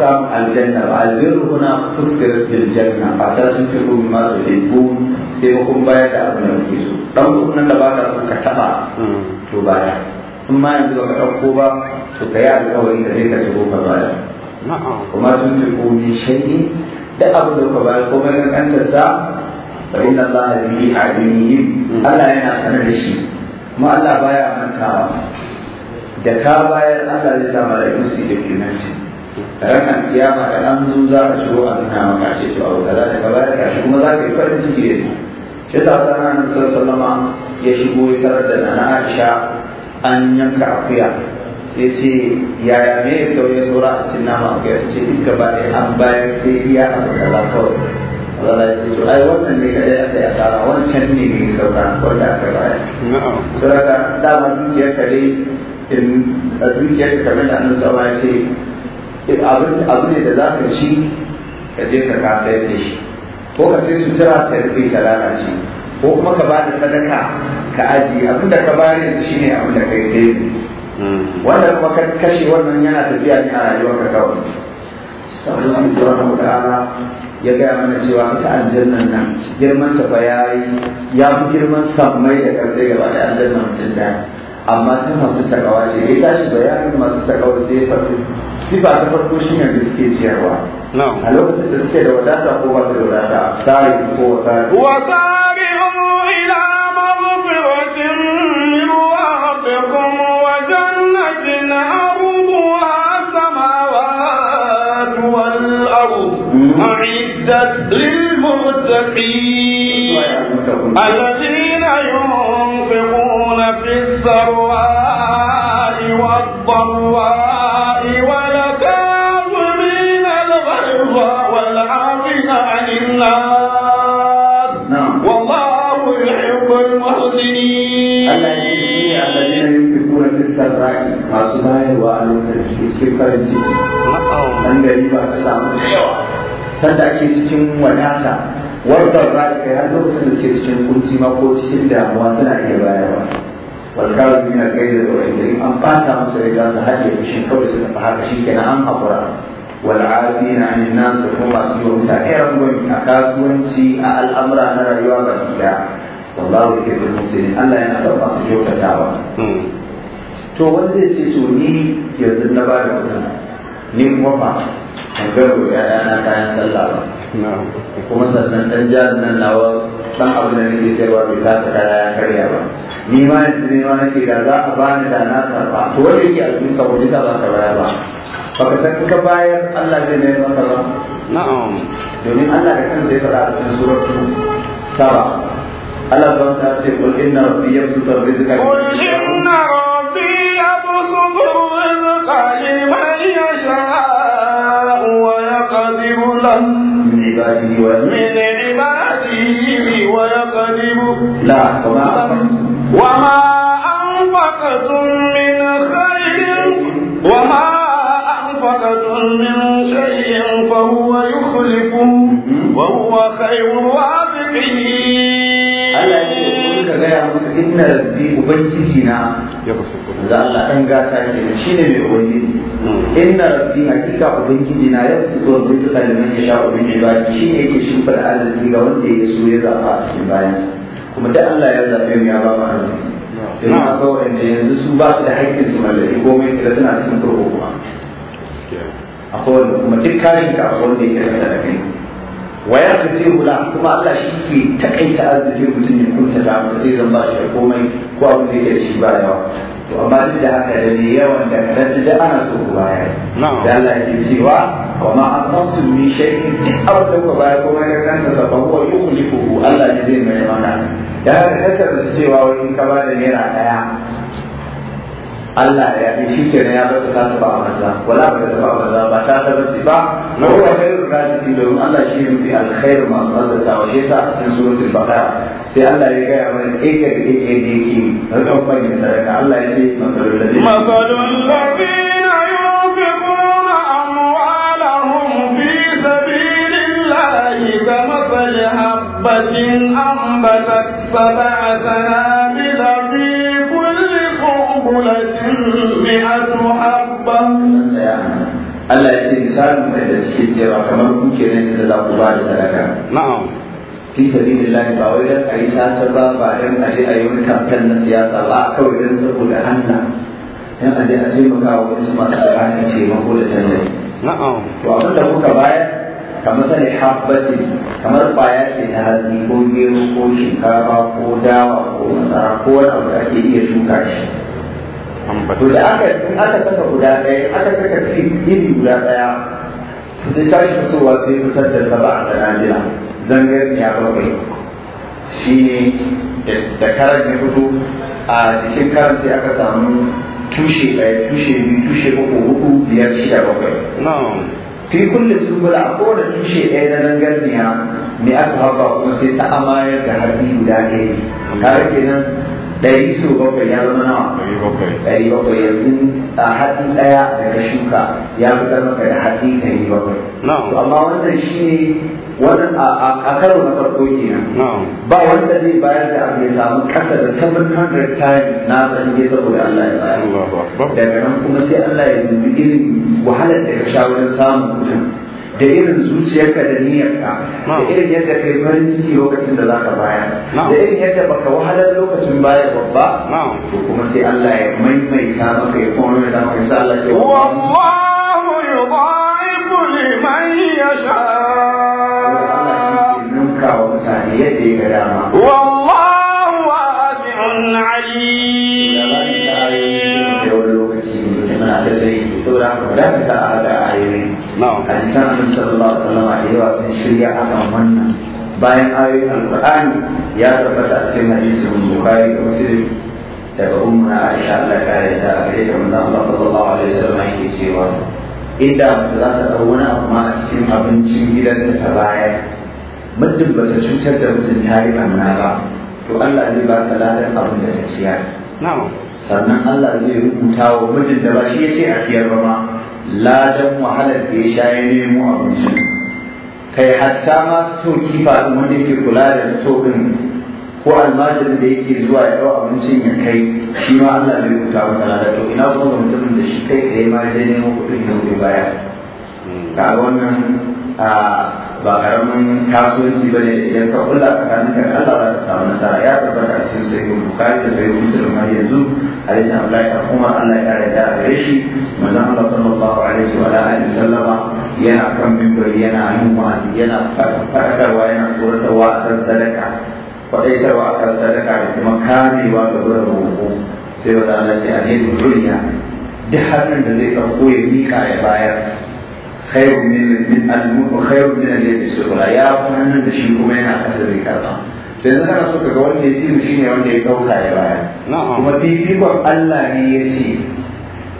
samun aljanna ba albirru kuna fuskar aljanna ba ta sun fi kuma masu ɗaiɗu sai ba kun bayar da abin da kuke so ɗan kuɗin da ba ka son ka taɓa to baya in ma yanzu ba ka ɗauko ba to ka yi alƙawarin da zai ka shigo ka baya kuma sun fi kuma shaidi da abin da ka bayar komai ina fa inna yi bihi alimiyyin Allah yana sanar da shi kuma Allah baya mantawa da ka bayar Allah zai sa mala'iku su yi kimanci ranar kiyama da an za a shigo a nuna maka ce to abu kaza da kaza da kashi kuma za ka yi farin ciki da shi shi sa ya shigo ya tarar da nana aisha an yanka akuya sai ce yaya me ya sauya saura a cikin nama akuya su ce duk gaba da an sai kawai Allah ya ce to wannan ne kada ya tsaya tsara wancan ne ne saura wanda aka bayar. dama dukiyar kare in a dukiyar da annabi sallallahu abu ne da za ka ci ka je ka kasayar da shi ko ka sai sutura ta rufe ta lalace ko kuma ka bada sadaka ka aji Abin da ka da shi ne abin abinda kai kai hmm. wanda kuma ka kashe wannan yana tafiya ne a rayuwar rayuwarka kawai saboda Allah subhanahu ta'ala ya gaya mana cewa ita aljannan nan girman ta bayayi ya fi girman sammai da kasai gaba da aljannan mutum da amma ta masu takawa ce ya tashi bayanin masu takawa sai ya faɗi sifa ta farko shi ne da suke ciyarwa a lokacin da suke da wadata ko ba su da wadata sari ko wasari wasari ila maghfiratin min rabbikum wa jannatin arduha samawati wal ard mm-hmm. a'iddat lil muttaqin alladhina yunfiquna fis sarai wad dharra ke farin gari ba ka samu sanda ake cikin wadata wadda rai kai har lokacin da ke cikin kunci ma cikin damuwa suna iya bayarwa walkar duniya kai da tsoron gari an fata masa rai ga su haɗe da shin kawai su fi haka shi kenan an haƙura wal'adina an yi nan su kuma masu yi wuta ƙeran gwani a kasuwanci a al'amura na rayuwa ba su ga wallahu ke da musulmi allah yana sauka su kyautatawa hmm. to wani zai ce to ni yanzu na ba da kuɗin ni kuma ba a garo ya na kayan sallah ba kuma sannan dan jihar nan nawa dan abu da nake ba bai ta kaya ya karya ba ni ma yanzu ne ma nake da za a bani da na karɓa to wanda yake a cikin kabo ta za ka baya ba baka san ka bayar Allah zai mai maka ba na'am domin Allah da kansa ya fara a cikin suratul saba Allah subhanahu ta ce qul inna rabbi yabsutu rizqa liman yasha'u من عباده وما أنفقتم من خير وما أنفقتم من شيء فهو وهو خير وعلى inna rabbi ubangiji na da Allah dan gata ke shine mai wani. Hmm. inna rabbi hakika ubangiji na ya su ko bin da ya sha ubangiji ba shi ne yake shi fara arziki ga wanda ya so ya zaba a cikin bayan kuma da Allah ya zabe mu ya ba mu arziki hmm. dan ga wanda yanzu su ba su da haƙƙin su mallaki komai da suna cikin kurkuku akwai wanda kuma duk kashin ka akwai wanda yake da sadaka waya ka ce hula kuma Allah shi ke takaita arziki mutum ya kunta da masa zai zan ba shi komai ko abu da yake da shi ba yawa to amma duk da haka da ne yawan da kadan da ana so ku baya da Allah ke cewa kuma an mutum min shi duk abu da ku baya komai ya kanta sa fa huwa yukhlifuhu Allah ne zai mai mana da haka kada cewa wani ka ba da naira daya Allah ya fi shi ke ya zata ta taba manza wala ba ta taba manza ba ta taba ci ba wa huwa khairur raziqin domin Allah shi ne bi alkhair masu azzata wa shi sa a cikin ba baqara sai Allah ya gaya mana kike da kike da yake rika fanya sadaka Allah ya ce masalul ladina masalul ladina yunfiquna amwalahum fi sabilillahi kamathali Allah ya ce misalin mai da suke cewa kamar kuke ne da za ku ba da sadaka. Na'am. Fi lafi ba wai dan yi sace ba ba dan a yi wani kamfan na siyasa ba kawai dan saboda hannu. Yan ajiye a maka wa wasu masu ma taimako da tallafi. Na'am. To abin da kuka bayar kamar sani ce kamar kwaya ce na hatsi ko gero ko shinkafa ko dawa ko masara ko wani abu da ake iya shuka shi. to da aka in aka saka guda ɗaya aka saka ci iri guda ɗaya da tashi fitowa sai fitar da saba da najila zangarniya bakwai shi ne da karar ya fito a cikin karar sai aka samu tushe ɗaya tushe biyu tushe uku hudu biyar shida bakwai fi kulli subula a kowane tushe ɗaya na zangarniya me aka haka kuma sai ta amayar da hatsi guda ɗaya ne kare kenan Ɗari su bakwai ya zama nawa dari bakwai yanzu a hatsi daya daga shuka ya fitar maka da hatsi dari bakwai amma wannan shi ne wannan a karo na farko kenan ba wanda zai bayar da abu ya samu kasa da 700 times na tsange saboda Allah ya bayar daga nan kuma sai Allah ya dubi irin wahalar da ka sha wurin samun kudin da irin zuciyarka da niyyarka da irin yadda kai farin ciki lokacin da zaka bayar da irin yadda baka wahalar lokacin bayar babba to kuma sai Allah ya maimaita maka ya kuma da maka sai Allah ya wallahu yudaifu liman yasha wa mutane yadda ya dama wallahu wasi'un alim da wani lokaci mutum na ta sai saboda haka da ta hadisan annabi sallallahu alaihi wasallam da yawa sun shirya akan wannan bayan ayoyin alqur'ani ya tabbata a cikin hadisin bukhari da muslim daga umma aisha Allah ya yi ta gare ta manzon Allah sallallahu alaihi wasallam yake cewa inda mutum za ta dau wani abu ma a cikin abincin gidanta ta bayar muddin ta cutar da mutum ta yi ba to Allah zai ba ta ladan abin da ta ciyar sannan Allah zai rubuta wa mijin da ba shi ya ce a ciyar ba ma ladan wahalar da ya sha ya nemo abinci kai hatta ma so kifa ɗin wanda yake kula da so ɗin ko almajirin da yake zuwa ya ɗau abincin ya kai shi ma Allah zai rubuta masa lada to ina kuma mutumin da shi kai kai ma ya nemo kuɗin da zai baya ga wannan ah, ba karamin kasuwanci ba ne idan ka kula kanin kan Allah za ka samu nasara ya tabbata a cikin sayyidul bukari da sayyidul musulun har yanzu yi Abdullahi laifin kuma Allah ya yarda a gare shi manzon Allah sallallahu alaihi wa alihi sallama yana kan mimbari yana yin wa'azi yana fadakarwa yana tsoratarwa a kan sadaka kwadaitarwa a kan sadaka da kuma karewa ga gurin roƙo sai da Allah ce a ne duniya duk hannun da zai ɗauko ya mika ya bayar خير من وخير من اليد الصغرى يا فهمنا da shi kuma yana kasa zai karba sai na kana so ka ga wanda ya fi shi ne wanda ya dauka ya baya kuma Allah ne ya ce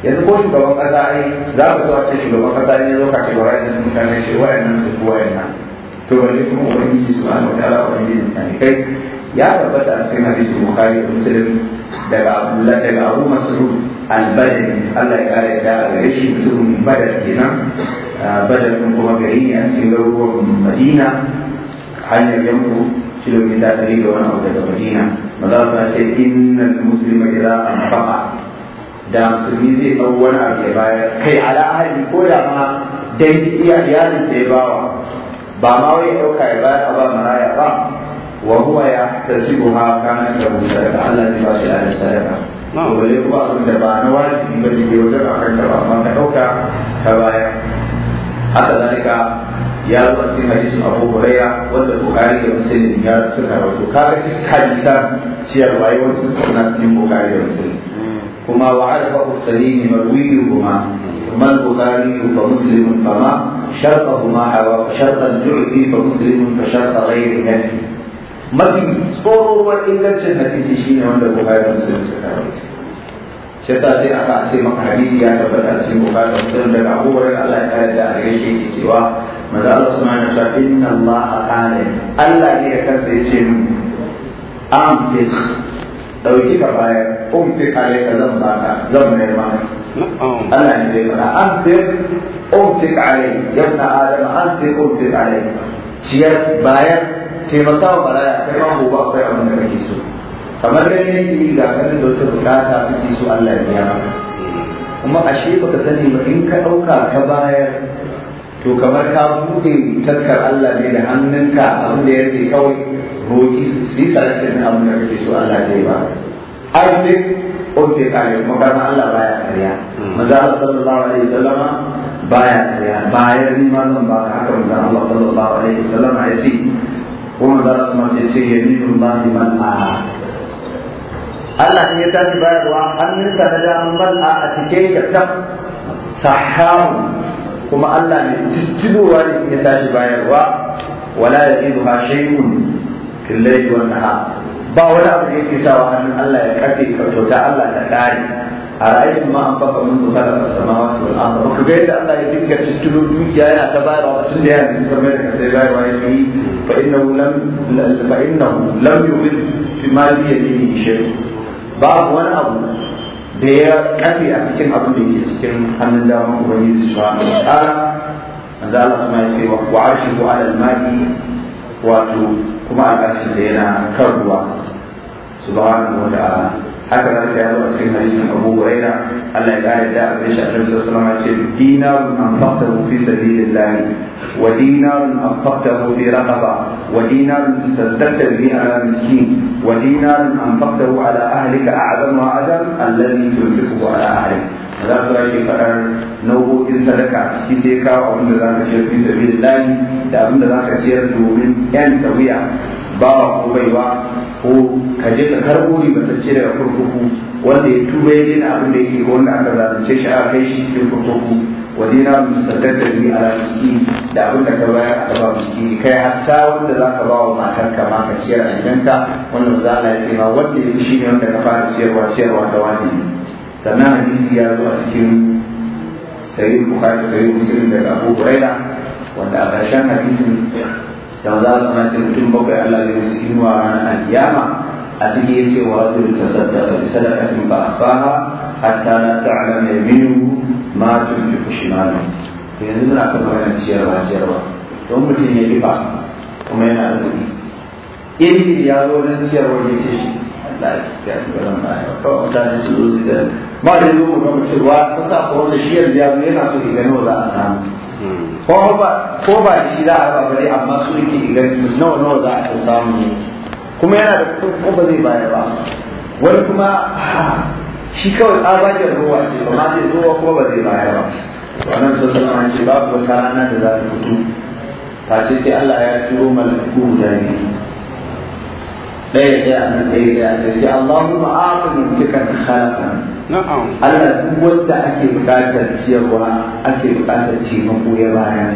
yanzu ko shugaban kasa ai za ku so a ce shugaban kasa ne ya zo ka ce wa ra'ayin mutane ce wa'annan su kuwa yana to wani kuma ubangiji subhanahu wa ta'ala ubangiji mutane kai ya tabbata a cikin hadisi bukhari da muslim daga daga abu masu al Allah ya kare da gare shi mutum badar kenan badar kuma gari ne a cikin garuruwan madina hanyar yanku kilomita ɗari da wani abu daga madina maza su ce innal muslima idza anfaqa da musulmi zai ɗau wani abu ya bayar kai ala ahadi ko da ma dai iya iyalin da ya bawa ba ma wai ɗauka ya bayar a ba maraya ba وهو يحتسبها كان له سلف على لباس اهل السلف ولباس الدفاع نوارس من بلد يوجد اخر دفاع من حوكا كبايا حتى ذلك يا رب في حديث ابو هريره ولد البخاري ومسلم يا رب سنه رسول كابر حديثا شيخ الوايه وسنه من البخاري وسلم كما وعرفه السليم مرويهما ثم البخاري فمسلم فما شرطهما شرط الجعفي فمسلم فشرط غير نفي mafi tsoron ingancin hadisi ne wanda buhari da su suka rawaita shi yasa sai aka ce maka hadisi ya tabbata cikin buhari da muslim daga abubuwan Allah ya kare da a ke cewa Maza Allah subhanahu wa ta'ala inna Allah kane um Allah ne ya kansa mu um min ke dauki ka bayar kare ka, zan baka zan mai ma Allah ne ya fara amfik umfik alayka adama an adam kun fi kare ciyar bayar taimaka wa baraya kai ma gobe akwai abin da kake so kamar dai ne ki ga kanin da wata bukata kake so Allah ya biya kuma ashe baka sani ba in ka dauka ka bayar to kamar ka bude taskar Allah ne da hannunka abin da yake kawai roki su yi sarakin abin da kake so Allah ya zai ba arziki ofe kare kuma karma Allah baya kariya hmm. maza Allah sallallahu alaihi wasallama baya kariya bayar ni ma zan ba haka maza Allah sallallahu alaihi wasallama ya ce kuma za su mace ce ya yi yin ba man a Allah in ya tashi bayarwa hannunsa na damun man a a cike ya sahamu kuma Allah ne tuttubowa ne ya tashi bayarwa wala ya idu ha shaikun killai wa ba wani abu da yake sawa hannun Allah ya karfe kyauta Allah ta ƙare أرأيتم ما أنفق منذ خلق السماوات والأرض وكبير الله يدك تشتلو دوكيا أنا تباير وقتل يعني yi. سيباير وإليه فإنه لم فإنه لم يغل في ما لي يديه شيء بعض wani abu. da ya kafe a cikin abin da ke cikin hannun damar ubangiji subhanahu wa ta'ala manzo Allah kuma ya ce wa arshihu ala al wato kuma a ƙarshen da yana kan ruwa subhanahu wa ta'ala haka za kai yazo a cikin hadisin Abu Huraira Allah ya kare da abin shi Annabi sallallahu alaihi wasallam ya ce dinarun anfaqtahu fi sabilillah wa dinarun anfaqtahu fi raqaba wa dinarun tasaddaqta bihi ala miskin wa dinarun anfaqtahu ala ahlika a'zamu adam alladhi tunfiqu ala ahlik za su rage faɗar nau'o'in sadaka ciki sai kawo abin da za ka ciyar fi sabilillah da abin da za ka ciyar domin yan tawiya bawa ko ba ko ka je ka karbo ribatacce daga kurkuku wanda ya tuba ya daina abin da yake ko wanda aka zalunce shi a kai shi cikin kurkuku na musaddar da ni ala da abin da ka bayar a ba miski kai hatta wanda za ka ba wa matarka ma ka ciyar a gidanka wannan za a yi ce ma wanda ya yi shi ne wanda ka fara ciyarwa ciyarwa ta wani sannan hadisi ya zo a cikin sayi bukari sayi musulun daga abu huraira wanda a ƙarshen hadisin da za su na mutum bakwai Allah zai musu inuwa ranar alkiyama a cikin ya ce wa rajul sadaka bi sadaqatin fa akhfaha hatta la ta'lam yaminu ma tunfiqu shimalu to yanzu muna kan magana ciyarwa ciyarwa don mutum ya kifa kuma yana da kuɗi in ya zo wajen ciyarwa ya ce shi Allah ya ci ba zan bayar kawai mutane su zo su da ba da zo mu mutum wa ta sa ko da shi yanzu ya zo yana so ya gani wa za a samu ko ba da shi za a ba bare amma su yake ganin nawa nawa za a samu ne kuma yana da kuɗin ko ba zai bayar ba wani kuma shi kawai tsabagen ruwa ce ba ma zai ruwa ko ba zai bayar ba wannan sun sama ce babu wata rana da za ta fito ce sai Allah ya turo mala'iku guda biyu لا يدعي أن يدعي اللهم أعطي مملكا خلقا نعم ألا قوة أكي بكاتة سيروا أكي بكاتة تيمكو يبايا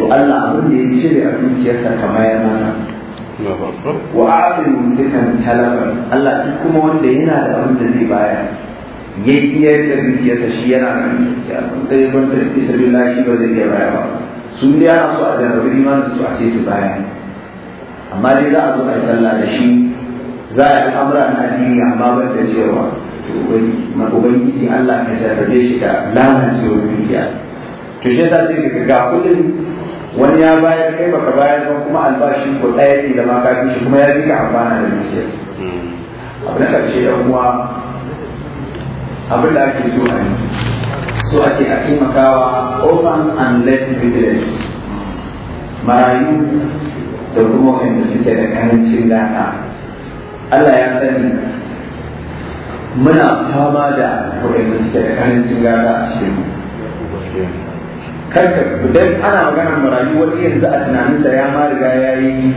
وألا أقول لي سيري أبنك يسا كما يمسا وأعطي مملكا تلبا ألا تكما وانده هنا لأبن الذي بايا يكي يدعي أبنك يسا شيئا أبنك يسا بنت إسر الله شيئا بذي يبايا سوريا أصوأ زنبري ما نسوأ سيسي بايا amma dai za a zo a yi sallah da shi za a yi amra na addini amma ban da cewa ubangiji Allah ka jarrabe shi da lalacewar dukiya to shi yasa sai ka ga kudin wani ya bayar kai baka bayar ba kuma albashin ko ɗaya ne da maka shi kuma ya rika amfana da dukiya abu na ƙarshe da kuma abin da ake so a yi so ake a taimakawa orphans and less privileged marayu da kuma wanda suke da karancin gata Allah ya sani muna fama da wanda suke da karancin gata a cikin karka idan ana magana marayu wani yanzu a tunaninsa ya ma riga ya yi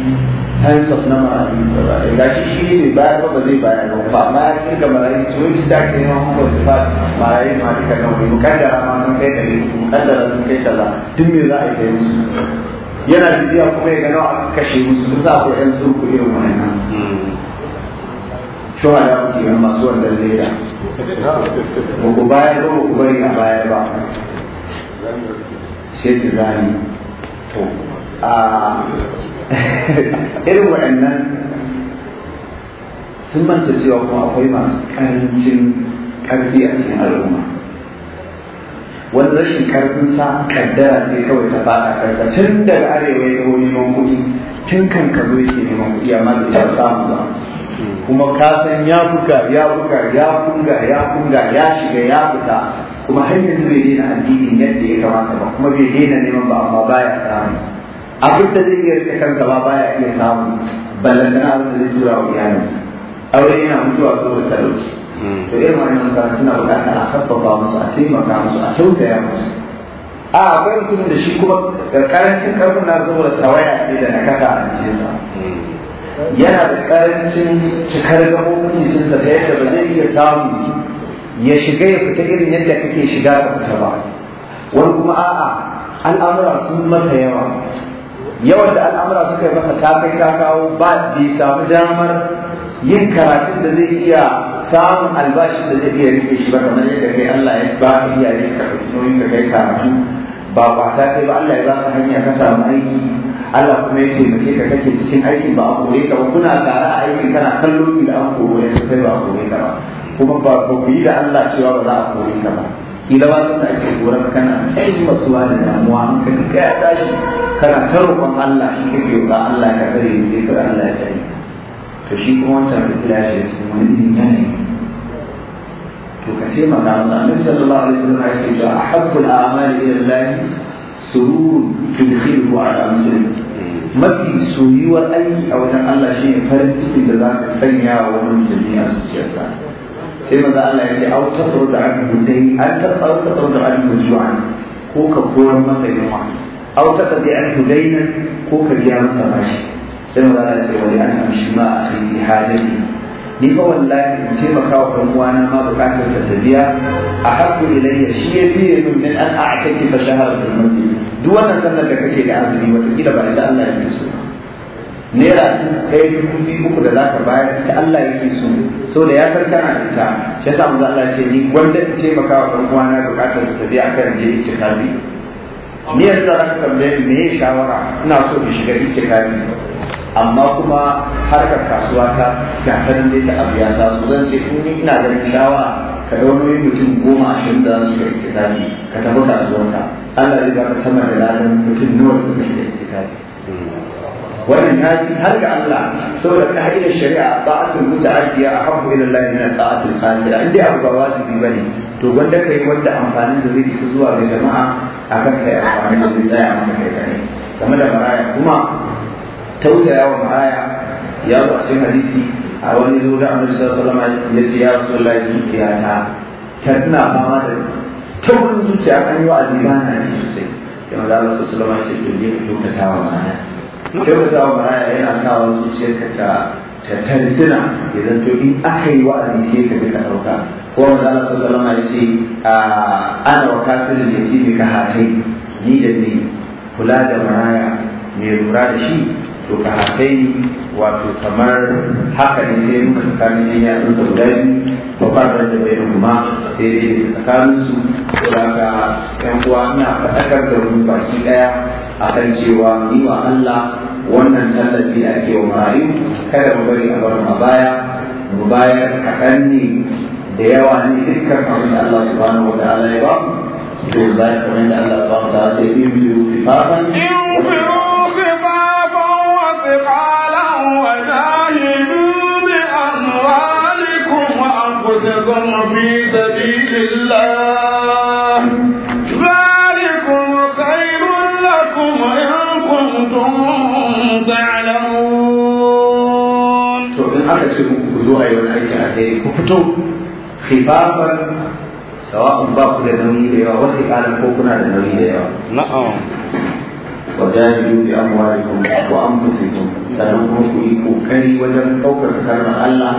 census na marayu ga shi shi ne bayar ba ba zai bayar ba ba ma ya kirga marayu su yi ta ke yawan hukun da marayu ma duka Kan da rama sun kai da kan da rama sun kai kaza duk me za a yi su yana bibiya kuma ya gano aka kashe musu duk za ku yan surku irin wannan shuwa da kuke yan masu wannan leda ba ku bayar ba ku bari a bayar ba sai su zani to a irin waɗannan sun manta cewa kuma akwai masu ƙarancin ƙarfi a cikin al'umma wani rashin karfin sa kaddara ce kawai ta fada karsa tun daga arewa ya zo neman kuɗi tun kan ka zo yake neman kuɗi amma bai ta samu ba kuma ka san ya buga ya buga ya kunga ya kunga ya shiga ya fita kuma har yanzu bai daina addinin yadda ya kamata ba kuma bai daina neman ba amma baya samu abin da zai iya rike kansa ba baya iya samu ballantana abin da zai tura wa iyalinsa aure yana mutuwa saboda talauci to irin wannan mutane suna buƙatar a sabbafa musu a taimaka masu a tausaya masu. a akwai da shi kuma karancin karfin na saboda tawaya ce da na kasa a jikinsa yana da karancin cikar gabobin jikinsa ta yadda ba zai iya samu ya shiga ya fita irin yadda kake shiga ka fita ba wani kuma a'a al'amura sun masa yawa yawan da al'amura suka masa ta kai ta kawo ba bai samu damar yin karatun da zai iya samun albashi da zai iya rike shi ba kamar yadda kai Allah ya ba ka iyaye suka ɗauki nauyin ka kai karatu ba kwata kai ba Allah ya ba ka hanya ka samu aiki Allah kuma ya taimake ka kake cikin aikin ba a kore ka ba kuna tare a aikin kana kallo ki da an kore ka kai ba a kore ka ba kuma ba ba ku yi da Allah cewa ba za a kore ka ba kila ba da ake koran kana cikin masuwa da damuwa an ka ya tashi kana ta roƙon Allah shi kake ba Allah ya kare ni sai ka Allah ya ce. to shi kuma wancan fitila ya shiga cikin wani irin yanayi to ka ce maka masa annabi sallallahu alaihi wasallam ya ce cewa ahabbul a'mali ila Allah sururun tudkhiluhu ala muslim mafi soyuwar aiki a wajen Allah shine farin cikin da za ka sanya wa wani musulmi a zuciyarsa sai maza Allah ya ce au tafar da annabi dai an tafar da annabi ju'an ko ka koyar masa yunwa au tafar da annabi dainan ko ka biya masa bashi sai mu zana ce wani an amshi ma a kai bi hajjati ni fa wallahi in taimaka wa ɗan uwana ma bukatar sa ta biya a haku ilayya shi ya fiye min min an a'taki fa shahara da masjid duk wannan da kake da azumi wata kila ba ita Allah yake so naira ɗaya dubu biyu uku da zaka bayar ita Allah yake so so da ya san kana ita shi yasa mu Allah ce ni gwanda in taimaka wa ɗan uwana bukatar sa ta biya je ittikafi ni yanzu za tambaye me shawara ina so in shiga ittikafi amma kuma harkar kasuwa ta ga kanin dai ta abu ya taso zan ce ina ganin shawa ka dauri mutum goma ashirin da su da itikafi ka tafi kasuwanka Allah zai baka sama da ladan mutum nawa su shiga itikafi wannan ya fi har ga Allah saboda ka'idar shari'a a ba'atul muta'addiya ahabbu ila Allah min a qasira in dai abu ba wajibi bane to wanda yi wanda amfani da zai su zuwa ga jama'a akan kai amfanin da zai tsaya maka kai kane game da maraya kuma tausaya wa maraya ya zo a cikin hadisi a wani zo da annabi sallallahu alaihi wasallam ya ce ya rasulullahi zuciya ta ta ina fama da ta wani zuciya kan yi wa na shi sosai ya da Allah sallallahu alaihi wasallam ya ce to je ka kyautata wa maraya kyautata wa maraya yana sawa zuciyarka ta ta tantuna ya zanto in aka yi wa sai ka ji ka ɗauka ko maza Allah sallallahu alaihi wasallam ya ce ana wa kafirin ya ce ka hatai ni da ni kula da maraya mai lura da shi to ka hatai wato kamar haka ne sai muka tsakanin ne sun tsunsa guda ba ba da da bai ma sai dai tsakanin su da ka yan uwa ina faɗakar da mu baki ɗaya kan cewa ni wa Allah wannan tallafi da ake wa marayu kada mu bari a bar mu baya mu bayar kaɗan ne da yawa ne dukkan abin da Allah subhanahu wa ta'ala ya ba to bayar kamar da Allah subhanahu wa ta'ala ya yi biyu fifafan أثقالا وجاهدوا بأموالكم وأنفسكم في سبيل الله ذلكم خير لكم إن كنتم تعلمون. to in aka ce muku zo a yi wani aiki a kai ku fito khifafan sawa'un ba ku da nauyi da yawa wasu ƙalan ko kuna da nauyi da yawa. Na'am. وجاهدوا بأموالكم وأنفسكم سنقوم بكوكري وجن أوكر كرم الله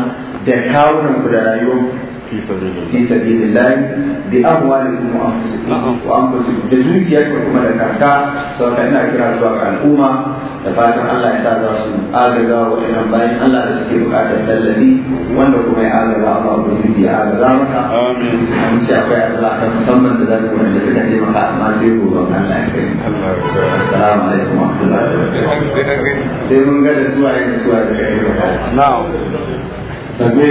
دكاونا بدرايوم في سبيل الله بأموالكم وأنفسكم وأنفسكم دلوقتي يكون كما ذكرتا سواء كان أكرا سواء الأمة da fatan Allah ya sa za su agaza waɗannan bayan Allah da suke buƙatar tallafi wanda kuma ya agaza Allah ko yake ya agaza maka amin an ce akwai Allah ta musamman da zai kuma da suka taimaka amma sai gobe Allah ya kai assalamu alaikum wa rahmatullahi wa barakatuh sai mun ga da suwa da suwa da kai na'am tabe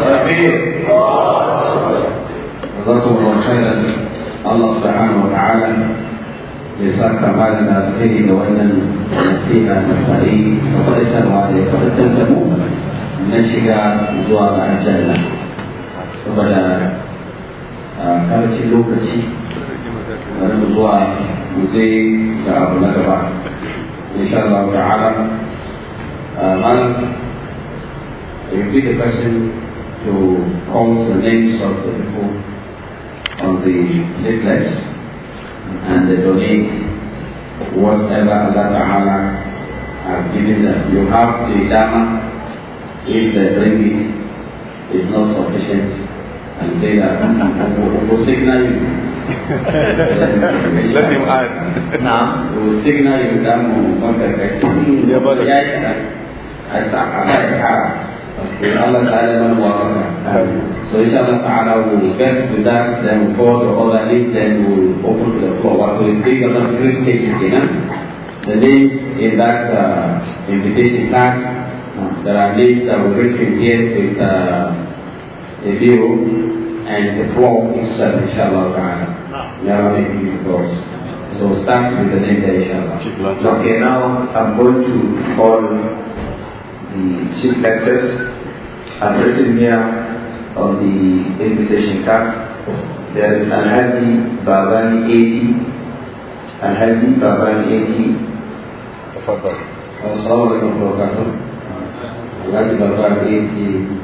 tabe جزاكم الله خيرا الله سبحانه وتعالى ya saka malam alheri da wannan nasiha na fari da kwalitarwa da ya kwalitar da mu na shiga zuwa ga aljanna saboda karshe lokaci bari mu zuwa mu je abu na gaba insha Allah ta'ala malam repeat to the names of the people on the and they donate whatever Allah Ta'ala has given them. You have the dharma, if they bring it, it's not sufficient and say that we will signal you. Let him add. Now, we will signal you that we will contact you. Yeah, but... Yeah, I start. I start. in Allah's element work. So inshallah ta'ala we will get to that, then we'll follow the other list, then will open to the floor. But we think of the three stages you The names in that uh, invitation pack, there are names that were written here with uh, a view and the floor itself, inshallah ta'ala. May Allah make these So start with the name there, inshallah. Okay, now I'm going to call the chief lectures, as written here on the invitation card, there is Alhaji Babani 80, Alhaji Babani 80. Tafadhali. Assalamualaikum warahmatullahi wabarakatuh. Alhaji Babani 80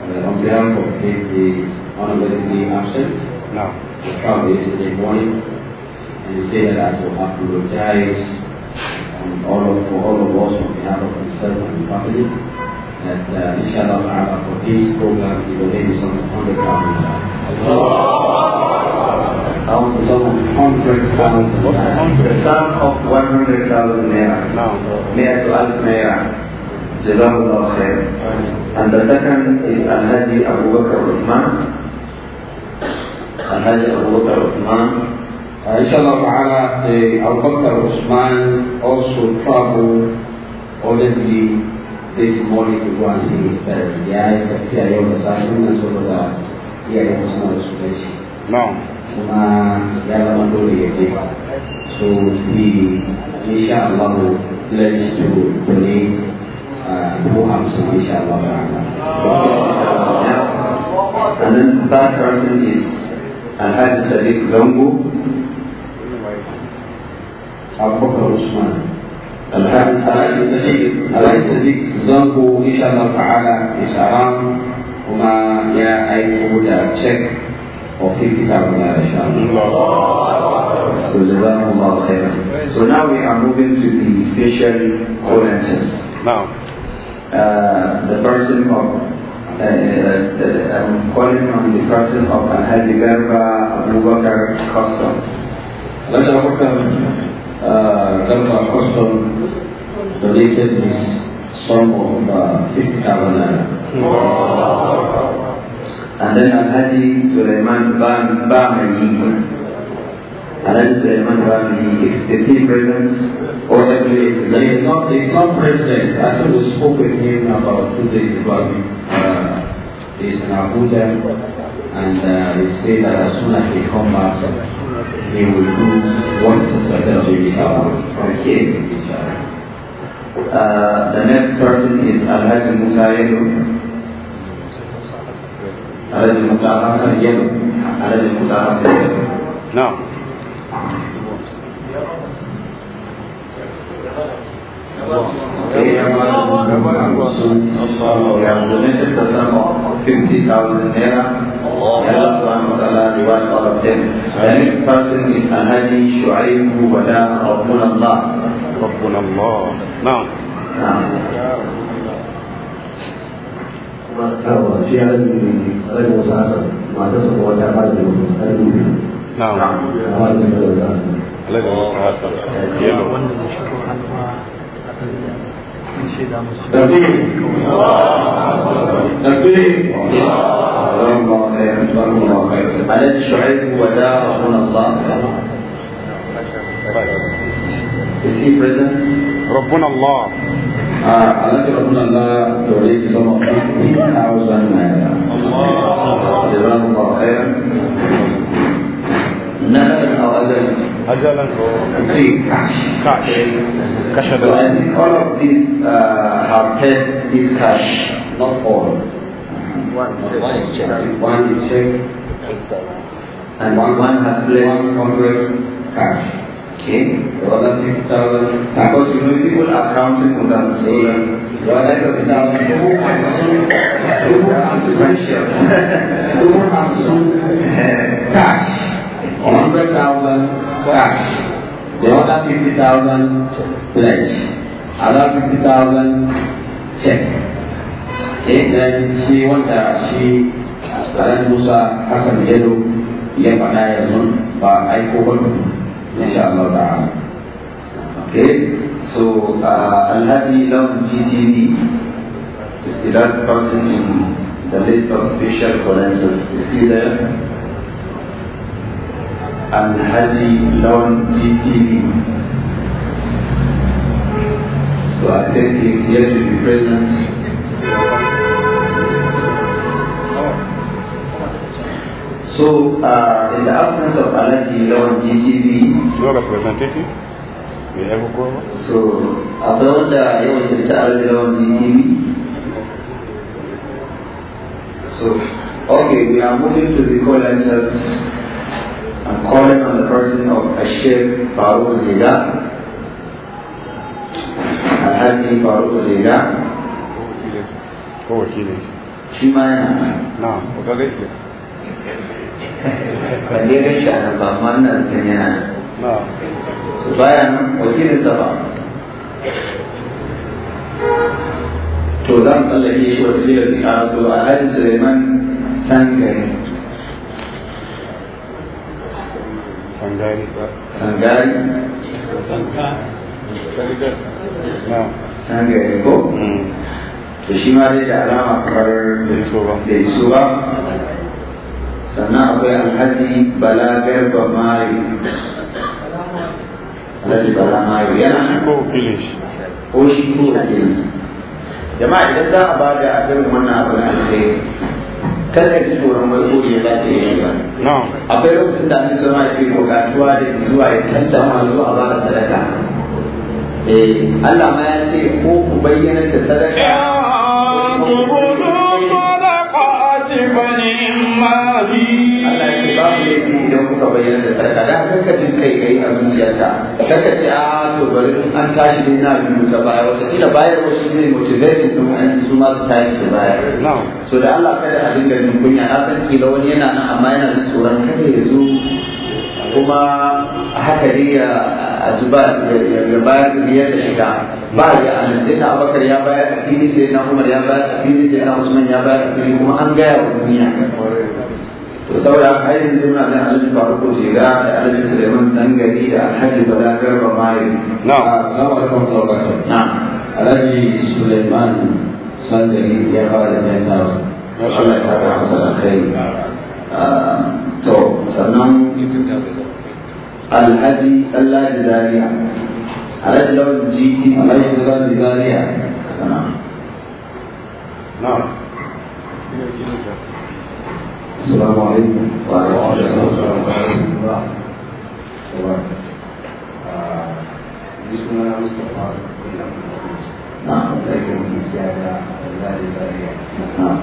uh, on behalf of him is honorably absent. No. The problem is in the morning and he said that I will have to and all of, for all of us on behalf of myself and the family that uh, inshallah ta'ala for this program he will raise some 100,000 Out of 100,000 The sum of 100,000 naira. Mayor to Alf Naira. Jazakallah khair. And the second is Al-Haji Abu Bakr Uthman. Al-Haji Abu Bakr Uthman. inshallah ta'ala, the al Bakr Usman also traveled already this morning to go and see his parents. Yeah, the PIO was asking us over the and so not explanation. No. Kuma yala mandori yake. So he, inshallah, pledged to donate uh, 250 inshallah ta'ala. And then that person is Al-Hajj Sadiq Zambu, Abu Bakar Usman. Al-Haji Sadiq zangu insha Allah ta'ala isaram kuma ya aiko da cek of 50,000 naira insha Allah. So jazakumullah khair. So now we are moving to the special ordinances. Now. Uh, the person of uh, uh, I'm calling on the person of Alhaji Garba Abu Bakr Let Let's welcome لما حصل donated his sum of uh, 50,000 hmm. And then Alhaji Suleiman Bahmani Alhaji Suleiman Bahmani is, is he present? Or actually, he is not, he's not present. I think we spoke with him about two days ago. Uh, he's in Abuja and uh, he said that as soon as he comes back, they would who voices to settle or kids each other. Uh, the next person is Alhaji Musa Yelu. Alhaji Musa Hassan Yelu. Alhaji No. We have donated the sum of 50,000 naira. Allah subhanahu wa هو ربنا الله؟ ربنا الله. آه أليس الله أجلا. Cash so, and all of these uh, have paid this cash, not all. One, not one is check. One is check. And one, one has placed hundred cash. Okay. The other fifty thousand. Because you know people are counting on us. So the other 6,000. Dubu Hamsun. Dubu Hamsun. Cash. 100,000 cash. They want that 50,000 pledge. Another 50,000 check. Okay, then she wanda shi Alhaji Musa Hassan Yelo ya faɗa yanzu ba aiko ba insha Allah ta'ala. Okay, so uh, Alhaji Lawan GTV is the last person in the list of special collectors. Is he there? alhaji lawan gtv so i think is here to be present so uh, in the absence of alhaji lawan gtv you are representative so akwai wanda ya wakilci alhaji lawan so okay we are moving to the co I'm calling on the person of Ashir Farooq Zida, Alhaji Farooq Zida. Ko wakili yana na ban dai shi a ba amma ina san yana na to baya nan wakilin sa ba to zan tsallake shi a da ya so Alhaji Suleiman Sangare Sangari. Sangari. Sangari ko? Hmm. To shi ma dai da alama kamar da iso ba. Sannan akwai alhaji Bala Garba Mari. Alhaji Bala Mari yana shi ko wakilin shi. Ko shi ko wakilin Jama'a idan za a ba da irin wannan abin alheri kada ji tsoron wai gobe ya dace ya shiga akwai lokacin da abin sama ke bukatuwa da zuwa ya canza ma zuwa ba da sadaka eh, Allah ma ya ce ko ku bayyana da sadaka ko ku bayyana da sadaka babu laifi idan kuka bayyana da sadaka da kanka jin kai kai a zuciyarta kanka ce a ah, to bari an tashi dai na biyu ta baya wata kila bayar wasu ne motivating din wa'ansu su ma su tashi su bayar so da Allah kada a dinga jin kunya na san kila wani yana nan amma yana da tsoron kada ya zo kuma haka ne ya zuba ya bayar ya ta shiga ba ya anan sai na abakar ya bayar a fili sai na umar ya bayar a fili sai na usman ya bayar a fili kuma an gaya wa duniya to saboda haka har yanzu da alhaji faruku shiga da alhaji suleiman dan gari da alhaji bala garba mari Na ah, assalamu alaikum alhaji suleiman san gari ya fara da sai tawo Allah ya saka kai ah, to sannan alhaji Allah da dariya alhaji lawan jiki alhaji lawan dariya na'am na'am السلام عليكم وعليكم السلام ورحمة الله وبركاته جسمنا مصطفى كلنا نعم لكن من زيادة لا لزاية نعم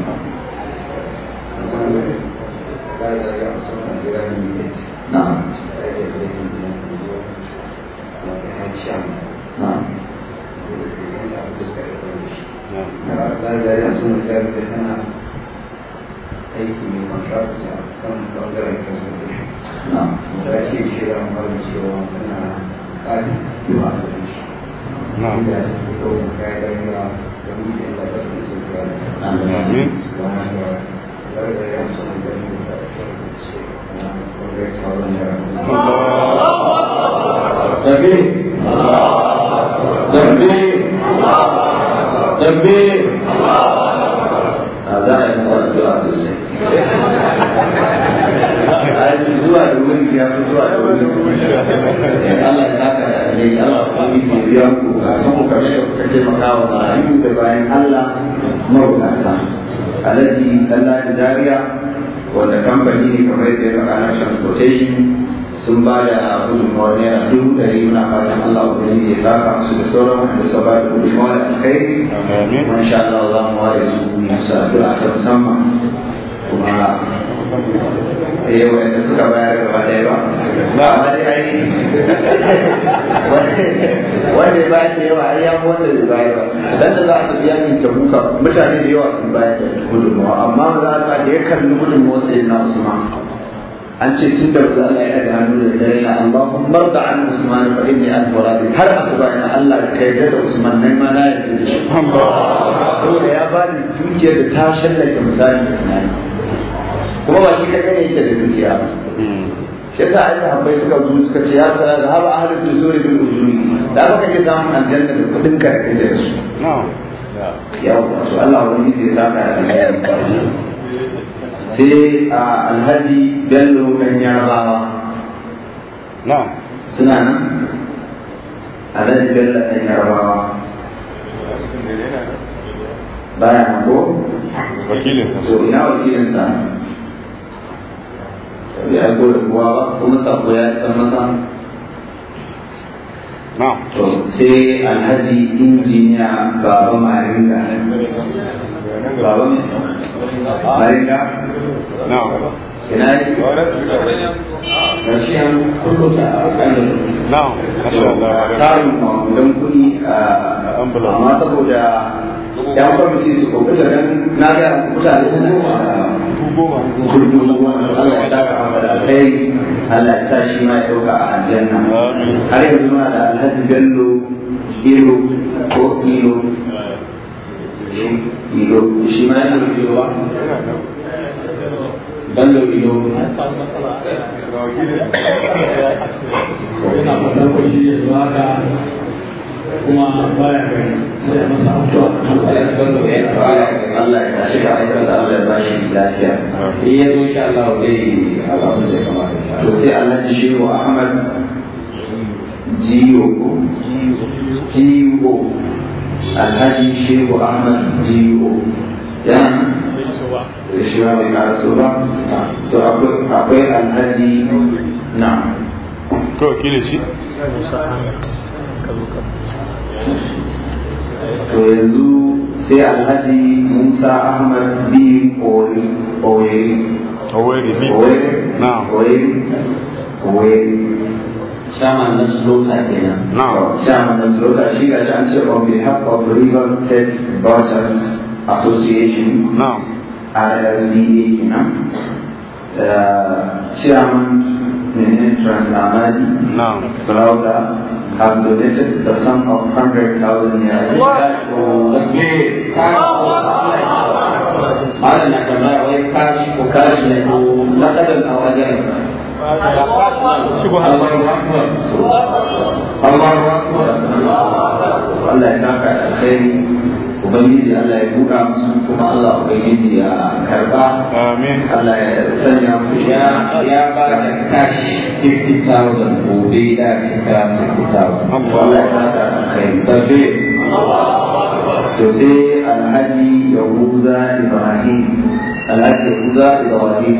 لا لزاية أصلا جيران البيت نعم نعم لا لا يحسن الكلام بالحنان aiki mai contracta kan bangaren conservation da ce ce da amfani cewa tana kaji yiwa da shi inda ya fi kawai kayan rayuwa da mutu yadda ta sun sun kare kuma da rarrayar sun gani da shi bangaren sauran da Nabi Nabi Nabi Allah Allah Allah Allah Allah Allah Allah zuwa da wuri ya fi zuwa da wuri Allah ya saka ne Allah ku yi ku biya ku san kamar da kuka ce makawa marayu da bayan Allah mabukata alaji Allah da Zaria wanda kamfani ne kamar da ya faɗa transportation sun ba da yana naira da ɗari muna fatan Allah ubangiji ya saka musu da sauran wanda suka ba da gudunmawar alkhairi kuma insha Allah za mu ware su musu addu'a sama kuma eh wanda suka bayar gaba ɗaya ba ba a bari aiki wanda ba shi yawa ai ya wanda bai bayar ba dan za a tafi ta tabuka mutane da yawa sun bayar da gudunmawa amma ba za a sa da ya kalli gudunmawa sai na usman an ce tun da Allah ya daga hannu da dare na Allahun marda an Usman fa inni an walabi har asuba ina Allah ka da da Usman nan ma na yarda da shi. Saboda ya bani dukiyar da ta shallake misali da tunani. kuma ba shi kaɗai ne yake da dukiya shi yasa ai sahabbai suka zo suka ce ya tsara da haba ahlul dusuri bil ujuri da baka ke samun aljanna da kudin ka da kake su ya wato Allah wani zai saka da sai a alhaji bello kan yarabawa suna nan alhaji bello kan yarabawa baya ko wakilinsa to ina wakilinsa bai aiko da kowa ba kuma sako ya san masa to sai alhaji injiniya baba maringa baba maringa كناية ماشيا كله نعم ما شاء الله كارما لم كني ما تقول يا يا أمبر مسيس كوبس أنا نادي كوبس على سنة goma kullu Allah ya saka maka da alkhairi Allah ya sa shi ma ya dauka a aljanna har yanzu ma da alhaji bello iro ko ilo ilo shi ma yana da ilo bello ilo yana shi ya kuma baya gani sai masa sai a gano ya fara Allah ya ka aika sa Allah lafiya in ya zo insha Allah zai da to sai Allah ji shi wa Ahmad jiyo ko jiyo Alhaji Shehu Ahmad Jiyo mai to akwai Alhaji na to kile shi to yanzu sai alhaji musa ahmad b oweri oweri oweri chairman na slota kenan chairman na slota shi ga shi an ce on behalf of river text bosses association rsda kenan chairman menene transamadi salauta have donated the sum of 100,000 naira. Malam na tambaya wai kashi ko kashi ne ko matsalar a wajen Allah ubangiji Allah ya buɗa musu kuma Allah ubangiji ya karba amin Allah ya sanya su ya ya ba da kashi 50000 gobe da cika 50000 Allah ya saka kai tabe to sai alhaji yahuza ibrahim alhaji yahuza ibrahim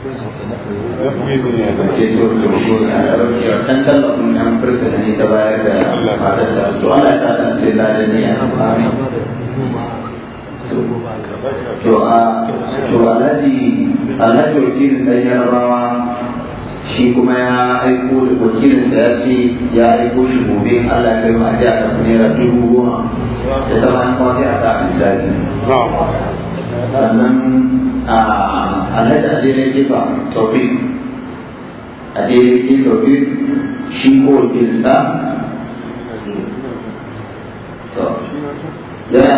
can tallafin yan da ne ta bayar da matar ta su ana ta shi kuma ya aiko da wakilin sa ya ce ya aiko shi gobe Allah ya kai ma ajiya da naira dubu goma da tamanin kuma kawai a sa misali sannan ada adility ba topic adility topic shi ko jinsa to ya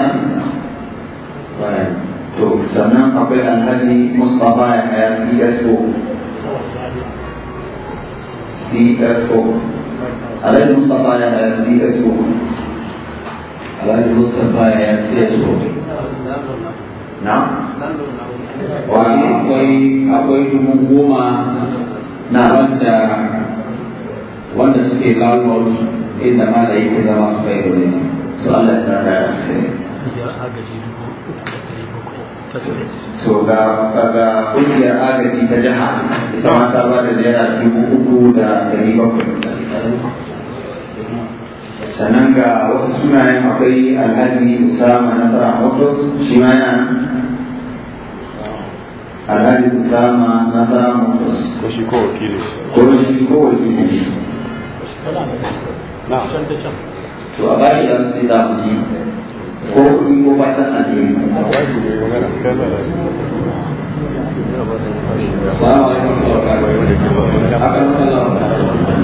to sannan akwai yang hari ya haya cso cso alhaji mustapha ya haya cso ada Mustafa yang haya cso Nah, wani akwai akwai dubu goma na wanda wanda suke landlord inda ma da yake zama su kai dole to Allah ya sa da so ga ga kungiyar agaji ta jiha ita ma ta ba da naira dubu uku da dari bakwai sannan ga wasu sunayen akwai alhaji usama nasara motos shi ma yana alhaji usama na samu ko ko wakili shi ko na to a bashi da su za mu ji ko kuɗi ko fatan a ne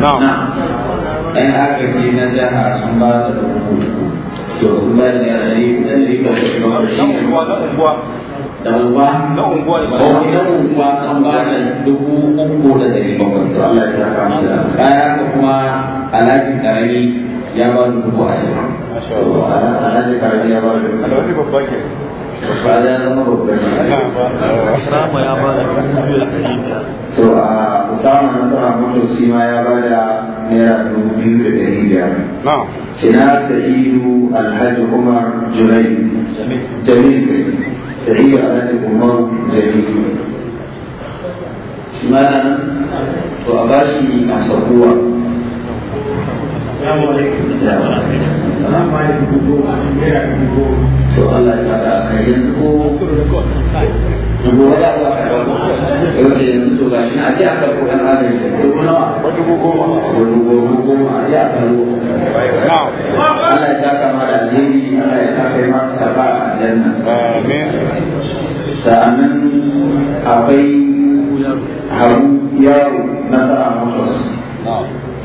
Na'am. agaji na jiha sun ba da To su ba da yanayi ɗan riba da shi da unguwa na unguwa ne ba na unguwa ba da dubu uku da dari bakwai to Allah ya saka da baya ka kuma alhaji karami ya ba da dubu ashirin masha Allah alhaji karami ya ba da dubu babba ke Usama ya ba da da Usama na mutu ya ba da naira dubu biyu da dari biyar ina sa'idu alhaji umar jurai jamil jamil تعير على الأمم جميعا شمالا وأباشي أم صبوة السلام عليكم السلام عليكم a yaro na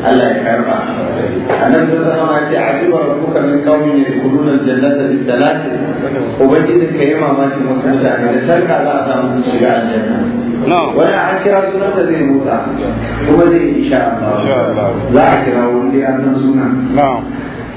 Allah ya karba annabi sallallahu alaihi wasallam ya ajiba rabbuka min qaumin yadkhuluna aljannata bi salasin ubangiji ka yi mamakin wasu mutane da sarka za a samu su shiga aljanna wani a kira sunansa zai motsa kuma zai insha Allah za a kira wani an san sunan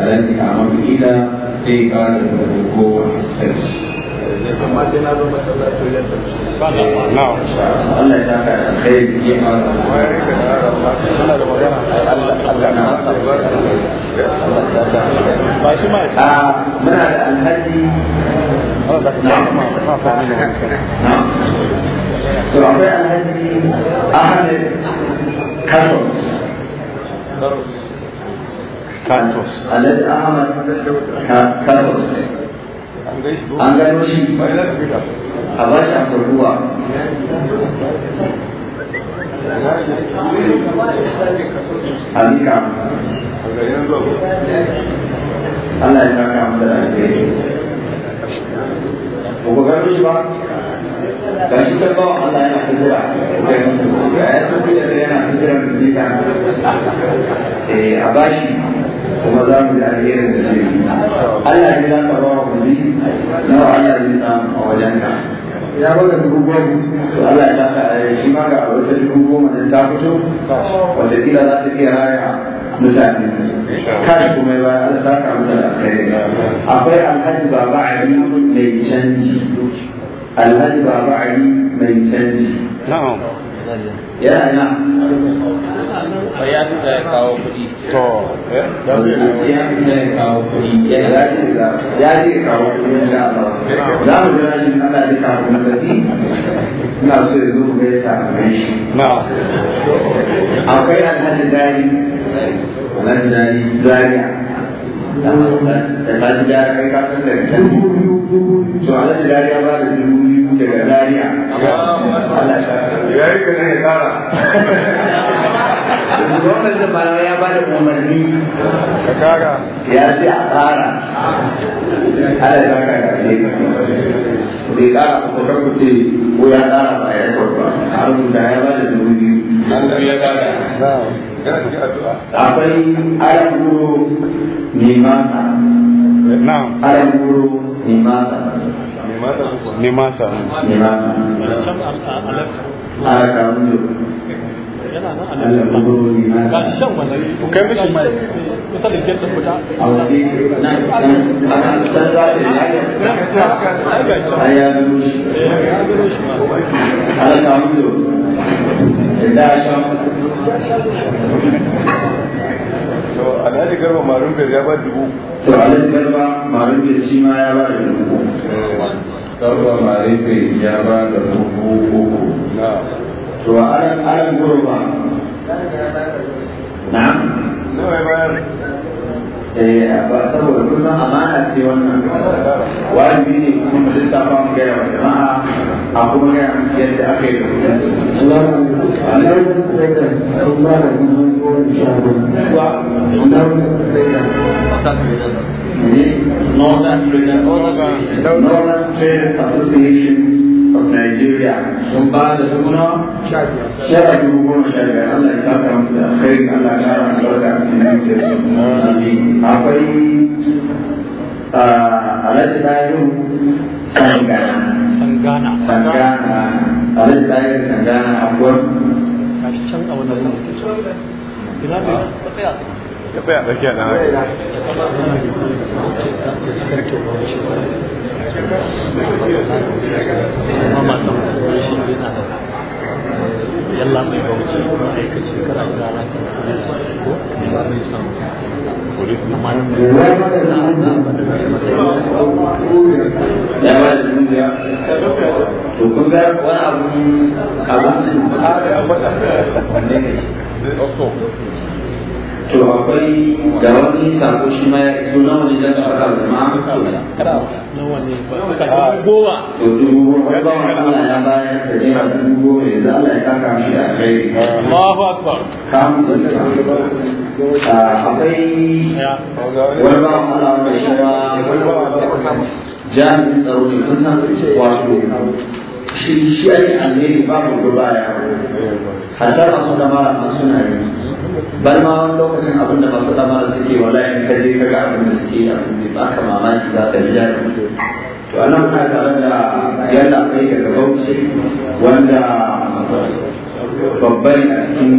التي تعمل إلى تيكا الجوع السبش Allah ya saka alkhairi da kima a muna da alhaji to akwai alhaji ahmed karos katos alhaji ahmad katos an gano shi a ba shi amsar ruwa Alika. Allah ya saka masa da alheri. Ba ku gano shi ba? Ga shi ta bawa Allah yana hijira. Ga eh, a bashi za mu ji alherin da zai yi Allah ne za ka bawa wa kuzi na Allah ne samu a wajenka ya baka dubu goma to Allah ya ta shi ma ga wata dubu goma da ta fito wata kila za ta iya raya mutane kashi kuma ya bayar Allah saka mutu da alkhairi akwai alhaji baba ali mai canji alhaji baba ali mai canji na'am yana yana ya kawo kuɗi to eh dan ya ne kawo kuɗi ya da ya ji kawo ya ya ya ya ya yi kana ya kara gwamnan zamana ya ba da umarni ka kara ya ce a kara ala ya kara ka ne ka ne ka ku ce ko ya kara ba ya kwarba har da ya ba da dubu biyu da ya kara akwai ayan guru nimasa na'am ayan guru nimasa nimasa nimasa nimasa alhaji garba marun bai ya ba dubu to da dubu eh. garba وألم ألم قلوبهم نعم ba saboda kun san amana ce wannan wajibi ne kuma mu lissafa mu gaya wa jama'a a kuma gaya musu Northern Traders oh, Association Najeriya sun ba da dubuna shara goma sha biyar Allah ya saka musu da alkhairi Allah ya kara a cikin su. Akwai ah, Alhaji Sangana. Sangana. Sangana. Alhaji Sangana Kashi can a zama. ne? tsaya. ka tsaya tsakiya yalla mai bauchi su ne ba mai polis na mai na da mun ya to kun ga wani abu abu ne ba da wanda to akwai da wani sako shi ma ya iso nawa ne dan ba ah, to dubu goma ya bayar da dubu goma ya shi a kai Allahu akbar ah, akwai wani ba shi shi shi ake ba mu gaba ya hatta masu da mara masu na yi bal lokacin abin da masu dama suke wala yin kaje ka ga abin da suke a bai baka mamaki za ka ji daɗi to anan muna tare da yana kai ga wanda babban a cikin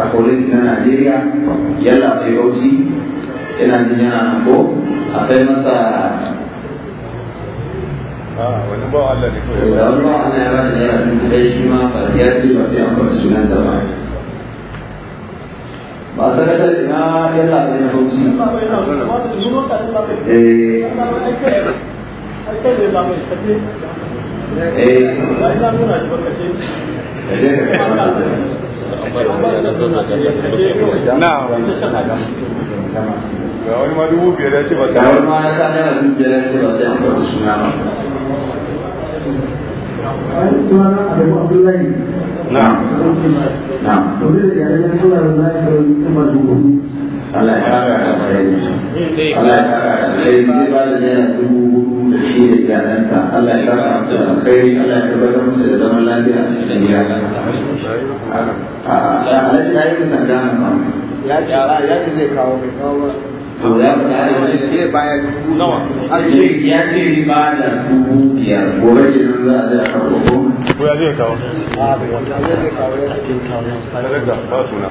a police na Najeriya yana kai bauchi yana jin yana ko kai masa Ah, wani ba Allah ne kawai ba wani ba Allah ya ba da yawa dai shi ma ba ya ce ba sai an bar sunan sa ba ba ta da na ya la ne eh eh eh na ga wani ma dubu biyar ya ce ba ta wani ma ya sa naira dubu biyar ya ce ba ta ba suna ba suna na Allah ya kara da Allah ya kara da shi da iyalansa Allah ya baka amsa da Allah ya tabbatar musu da zaman lafiya a cikin iyalansa ya yi kusa ya ce ya ce zai kawo mai kawo ya ce ba da dubu biyar gobe ke nan za a ko ya zai kawo a zai kawo ya kawo ya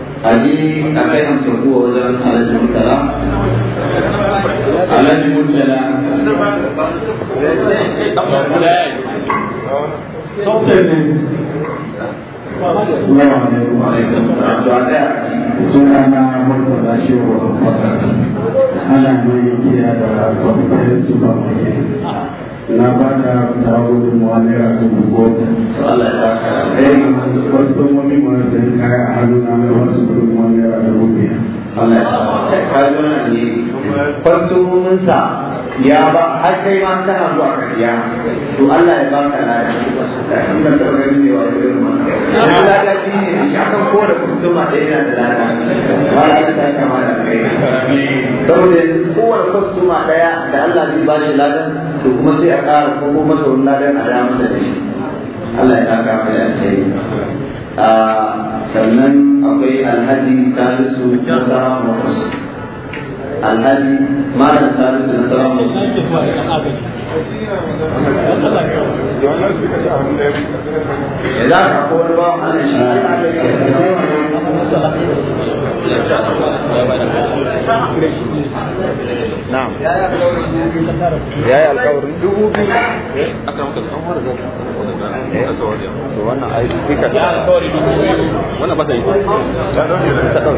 aji a kai hamsin kuwa wajen alhaji mutala alhaji mutala sautar na Murtala Shehu Ana da kwamitin na ba ka ta gudun wa naira dubu goma ɗaya wasu Wani masu sayan kaya a hannu na mai wasu gudun wa naira dubu biyar ya ba har kai ma zuwa to Allah ya lafiya ta ne wa na lada bi ne shi akan ko da yana da lada ba la ta kama da kai saboda kowane kustoma daya da Allah zai ba shi ladan to kuma sai a ƙara ko masa sauran ladan a dama da shi Allah ya saka mai alheri a sannan akwai alhaji salisu na sarar alhaji malam salisu na sarar إذا أقول الله أنا نعم يا يا الكوري أكرمك الأمر ذاك وأنا أي سبيكر يا الكوري وأنا بدأ تدور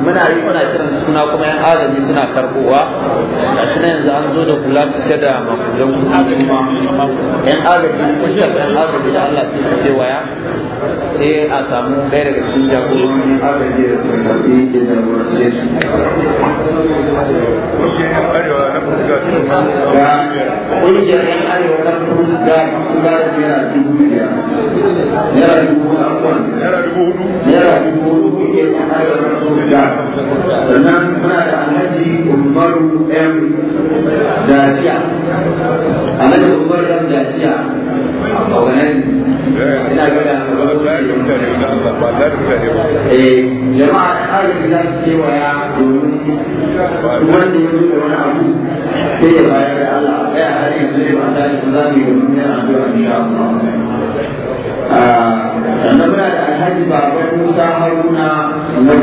muna yi muna kiran suna kuma yan azumi suna karbowa ga shi yanzu an zo da kula cike da makudan kuma yan azumi ko shi yan azumi da Allah sai ce waya sai a samu ɗaya daga cikin jagororin azumi da tsofaffi da zarurce su Ƙungiyar ‘yan arewa na kudu da su ba da naira dubu biyar, naira dubu akwai, naira dubu hudu, naira dubu hudu ƙungiyar ‘yan arewa na kudu da sannan muna da alhaji umaru m dajiya alhaji umaru m dajiya a wannan ina gada eh jama'a ɗalibin da da da Allah a tsaya har yanzu ne ba ba yana insha Allah sannan muna da alhaji baban musa haruna na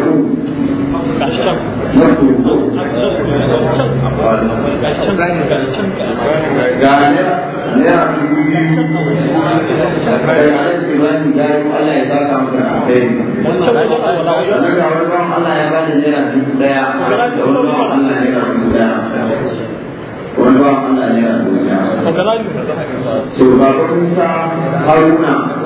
Wanda a Allah ne ya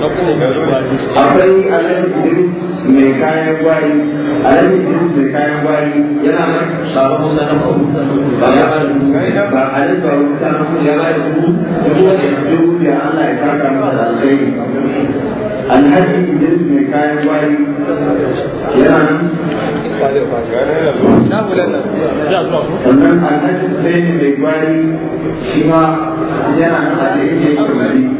akwai alhaji idris mai kayan gwari alhaji idris mai kayan gwari yana nan shafa musa na mahuta ba ya ba ba alhaji ba musa na mahuta ya ba da kudu kuma da yanzu rubiya allah ya da alhaji idris mai kayan gwari yana nan sannan alhaji sai mai gwari shi ma yana nan da yake kamari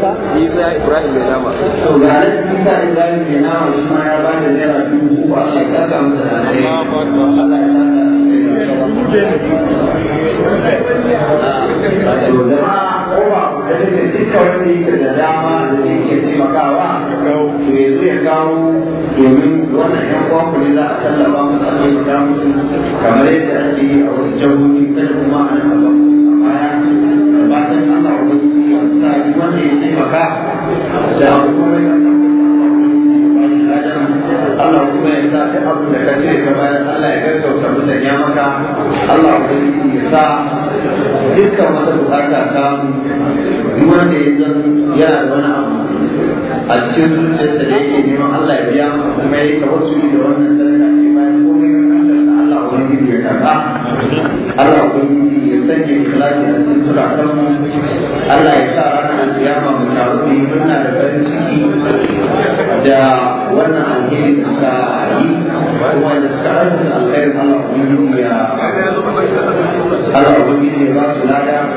sunansa isa ibrahim mai nama to ga isa ibrahim mai nama shi ma ya ba da naira dubu uku a kai saka masa da nare Allah ya saka ah, to jama'a kowa da take dukkan wanda yake da dama da yake taimakawa to ya zo ya kawo domin wannan yan uwan kuma ne za a tallafa musu a taimaka musu kamar yadda ake a wasu jihohi kada kuma a nan a baya wanda ya taimaka da Allah kuma ya sa duk abin da ka ce ka bayan Allah ya gaggauta musanya maka Allah kuma ya sa dukkan wata bukata ta wanda ya zan yana da wani abu a cikin zuciyarsa da yake neman Allah ya biya kuma ya yi tawassuli da wannan sadaka ne bayan komai ka Allah ubangiji ya karba Allah ubangiji ya sanya ikhlasi a cikin zuratan mu Allah ya sa ranar kiyama mu taru mu yi murna da farin ciki da wannan alheri da ka yi kuma da suka aikata alkhairin Allah ubangiji ya Allah ubangiji ya ba su lada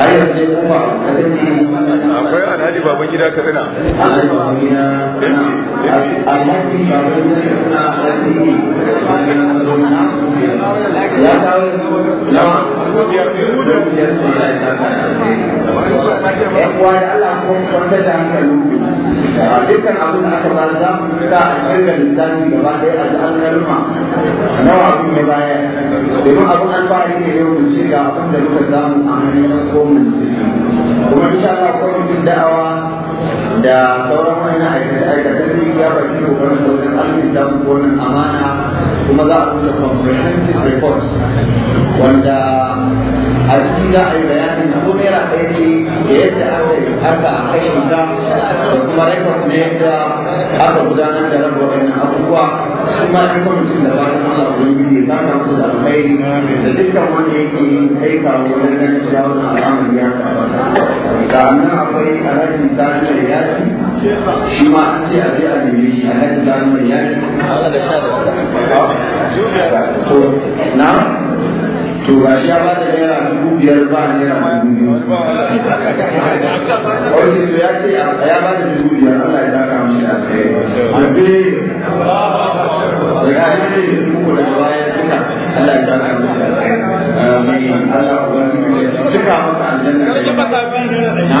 akwai alhaji baban gida ka tsina dukkan abin da aka ba za mu sa a shirya lissafi gaba ɗaya a kalma abin ya bayar domin abin alfahari ne yau da shirya abin da muka samu a hannun ko kuma insha Allah kwamitin da'awa da sauran wani aikace aikace da ya baki kokarin sauran alkinta wannan amana kuma za a rubuta comprehensive reports wanda a ciki za a yi bayanin abu naira ce da yadda aka yi haka a kashe ta da kuma rekod ne da aka gudanar da rabuwa wannan abubuwa su ma ɗan kwamitin da ba su mala ubangiji ya zaka musu da alkhairi da dukkan wanda yake kai kawo wajen ganin cewa wannan al'amari ya tabbata sannan akwai alhaji sani mai yaki shi ma an ce a je a nemi shi alhaji sani mai yaki to na to ba shi ya ba da naira dubu biyar ba naira dubu biyu wani to ya ce ya ba da dubu biyar Allah ya daka a kai abbe da ya da suka Allah ya daka kai Allah ubangiji ya cika maka aljanna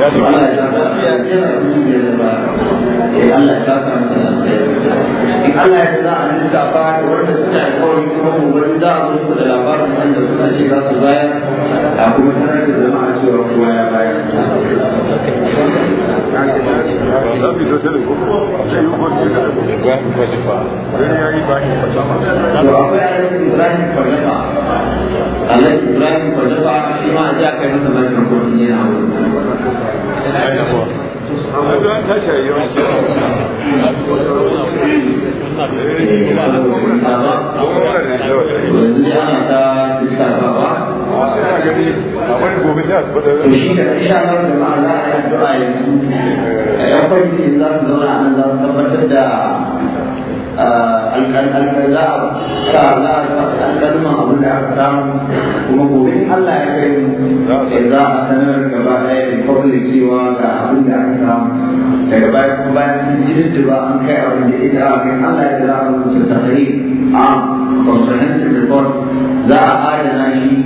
ya ci ba Allah ya saka masa in Allah ya za a rinka ba wanda suka yi kawai kuma mu za a mutu da labarin wanda suka ce za su bayar a kuma sanar da jama'a cewa kuma ya bayar Ibrahim Kwalifa. Ibrahim Kwalifa. Allah Ibrahim ko da ba shi ma a kai masa bakin ko ne na shi Allah za a yi addu'a yanzu da alƙalƙal a sa za a faɗi alƙalman abin da aka samu kuma gobe in Allah ya kai mu za a sanar da ba da public cewa ga abin da aka samu daga baya kuma bayan sun ji an kai abin da ita a kai Allah ya za a ta safari a comprehensive report za a adana shi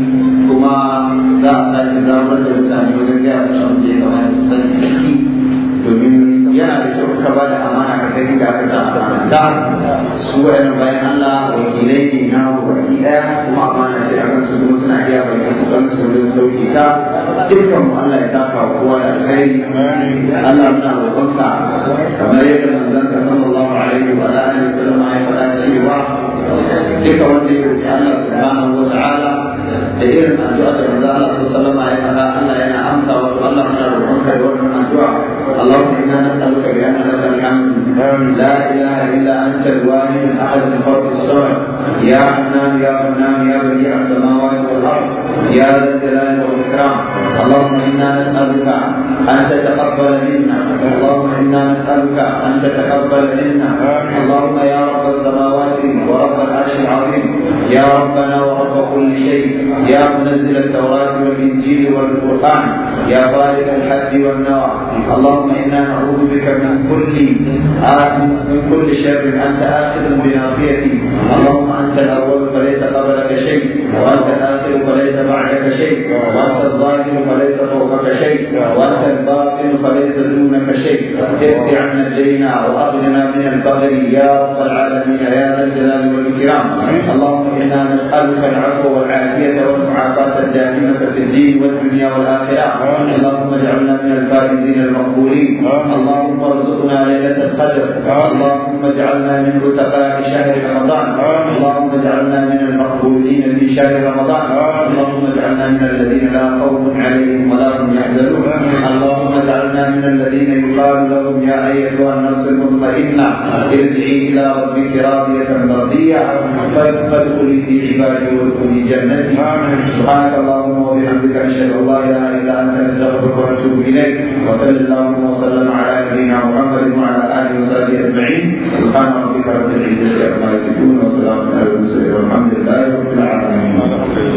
kuma za a sake zamar da mutane wajen gaya su abin da ya kamata su sani domin yana da kyau ka ba da amana ka kai da aka samu da su wayan bayan Allah wakilai ne na wakil daya kuma amana ce a kansu kuma suna iya bayan su kan su don sauki ta dukkan mu Allah ya saka kowa da kai. Allah muna roƙonka kamar yadda manzon ka sallallahu alaihi wa alihi wasallam ya faɗa cewa duka wanda ya roƙi Allah subhanahu wa ta'ala da irin addu'a da manzon Allah sallallahu alaihi wa faɗa. Allah yana amsa wa Allah muna roƙonka da wannan addu'a اللهم انا نسالك بان لك الحمد لا اله الا انت الواحد احد من خلق الصمد يا حنان يا منان يا بديع السماوات والارض يا ذا الجلال والاكرام اللهم انا نسالك ان تتقبل منا اللهم انا نسالك ان تتقبل منا اللهم يا رب السماوات ورب العرش العظيم يا ربنا ورب كل شيء يا منزل التوراه والانجيل والقران يا خالق الحد والنار اللهم انا نعوذ بك من كل آه، من كل شر انت اخذ بناصيتي اللهم انت الاول فليس قبلك شيء وانت الاخر فليس بعدك شيء وانت الظاهر فليس فوقك شيء وانت الباطن فليس دونك شيء اقض عنا الدين واغننا من القدر يا رب العالمين يا ذا الجلال والاكرام اللهم انا نسالك العفو والعافيه والمعافاه الدائمه في الدين والدنيا والاخره اللهم اجعلنا من الفائزين المقبولين اللهم ارزقنا ليلة القدر اللهم اجعلنا من رتقاء شهر رمضان اللهم اجعلنا من المقبولين في شهر رمضان اللهم واجعلنا من الذين لا خوف عليهم ولا هم يحزنون اللهم اجعلنا من الذين يقال لهم يا ايتها النفس المطمئنه ارجعي الى ربك راضيه مرضيه فادخلي في عبادي وادخلي جنتي سبحانك اللهم وبحمدك اشهد ان لا اله الا انت استغفرك واتوب اليك وصلى اللهم وسلم على نبينا محمد وعلى اله وصحبه اجمعين سبحان ربك رب العزه عما يصفون والسلام على المرسلين والحمد لله رب العالمين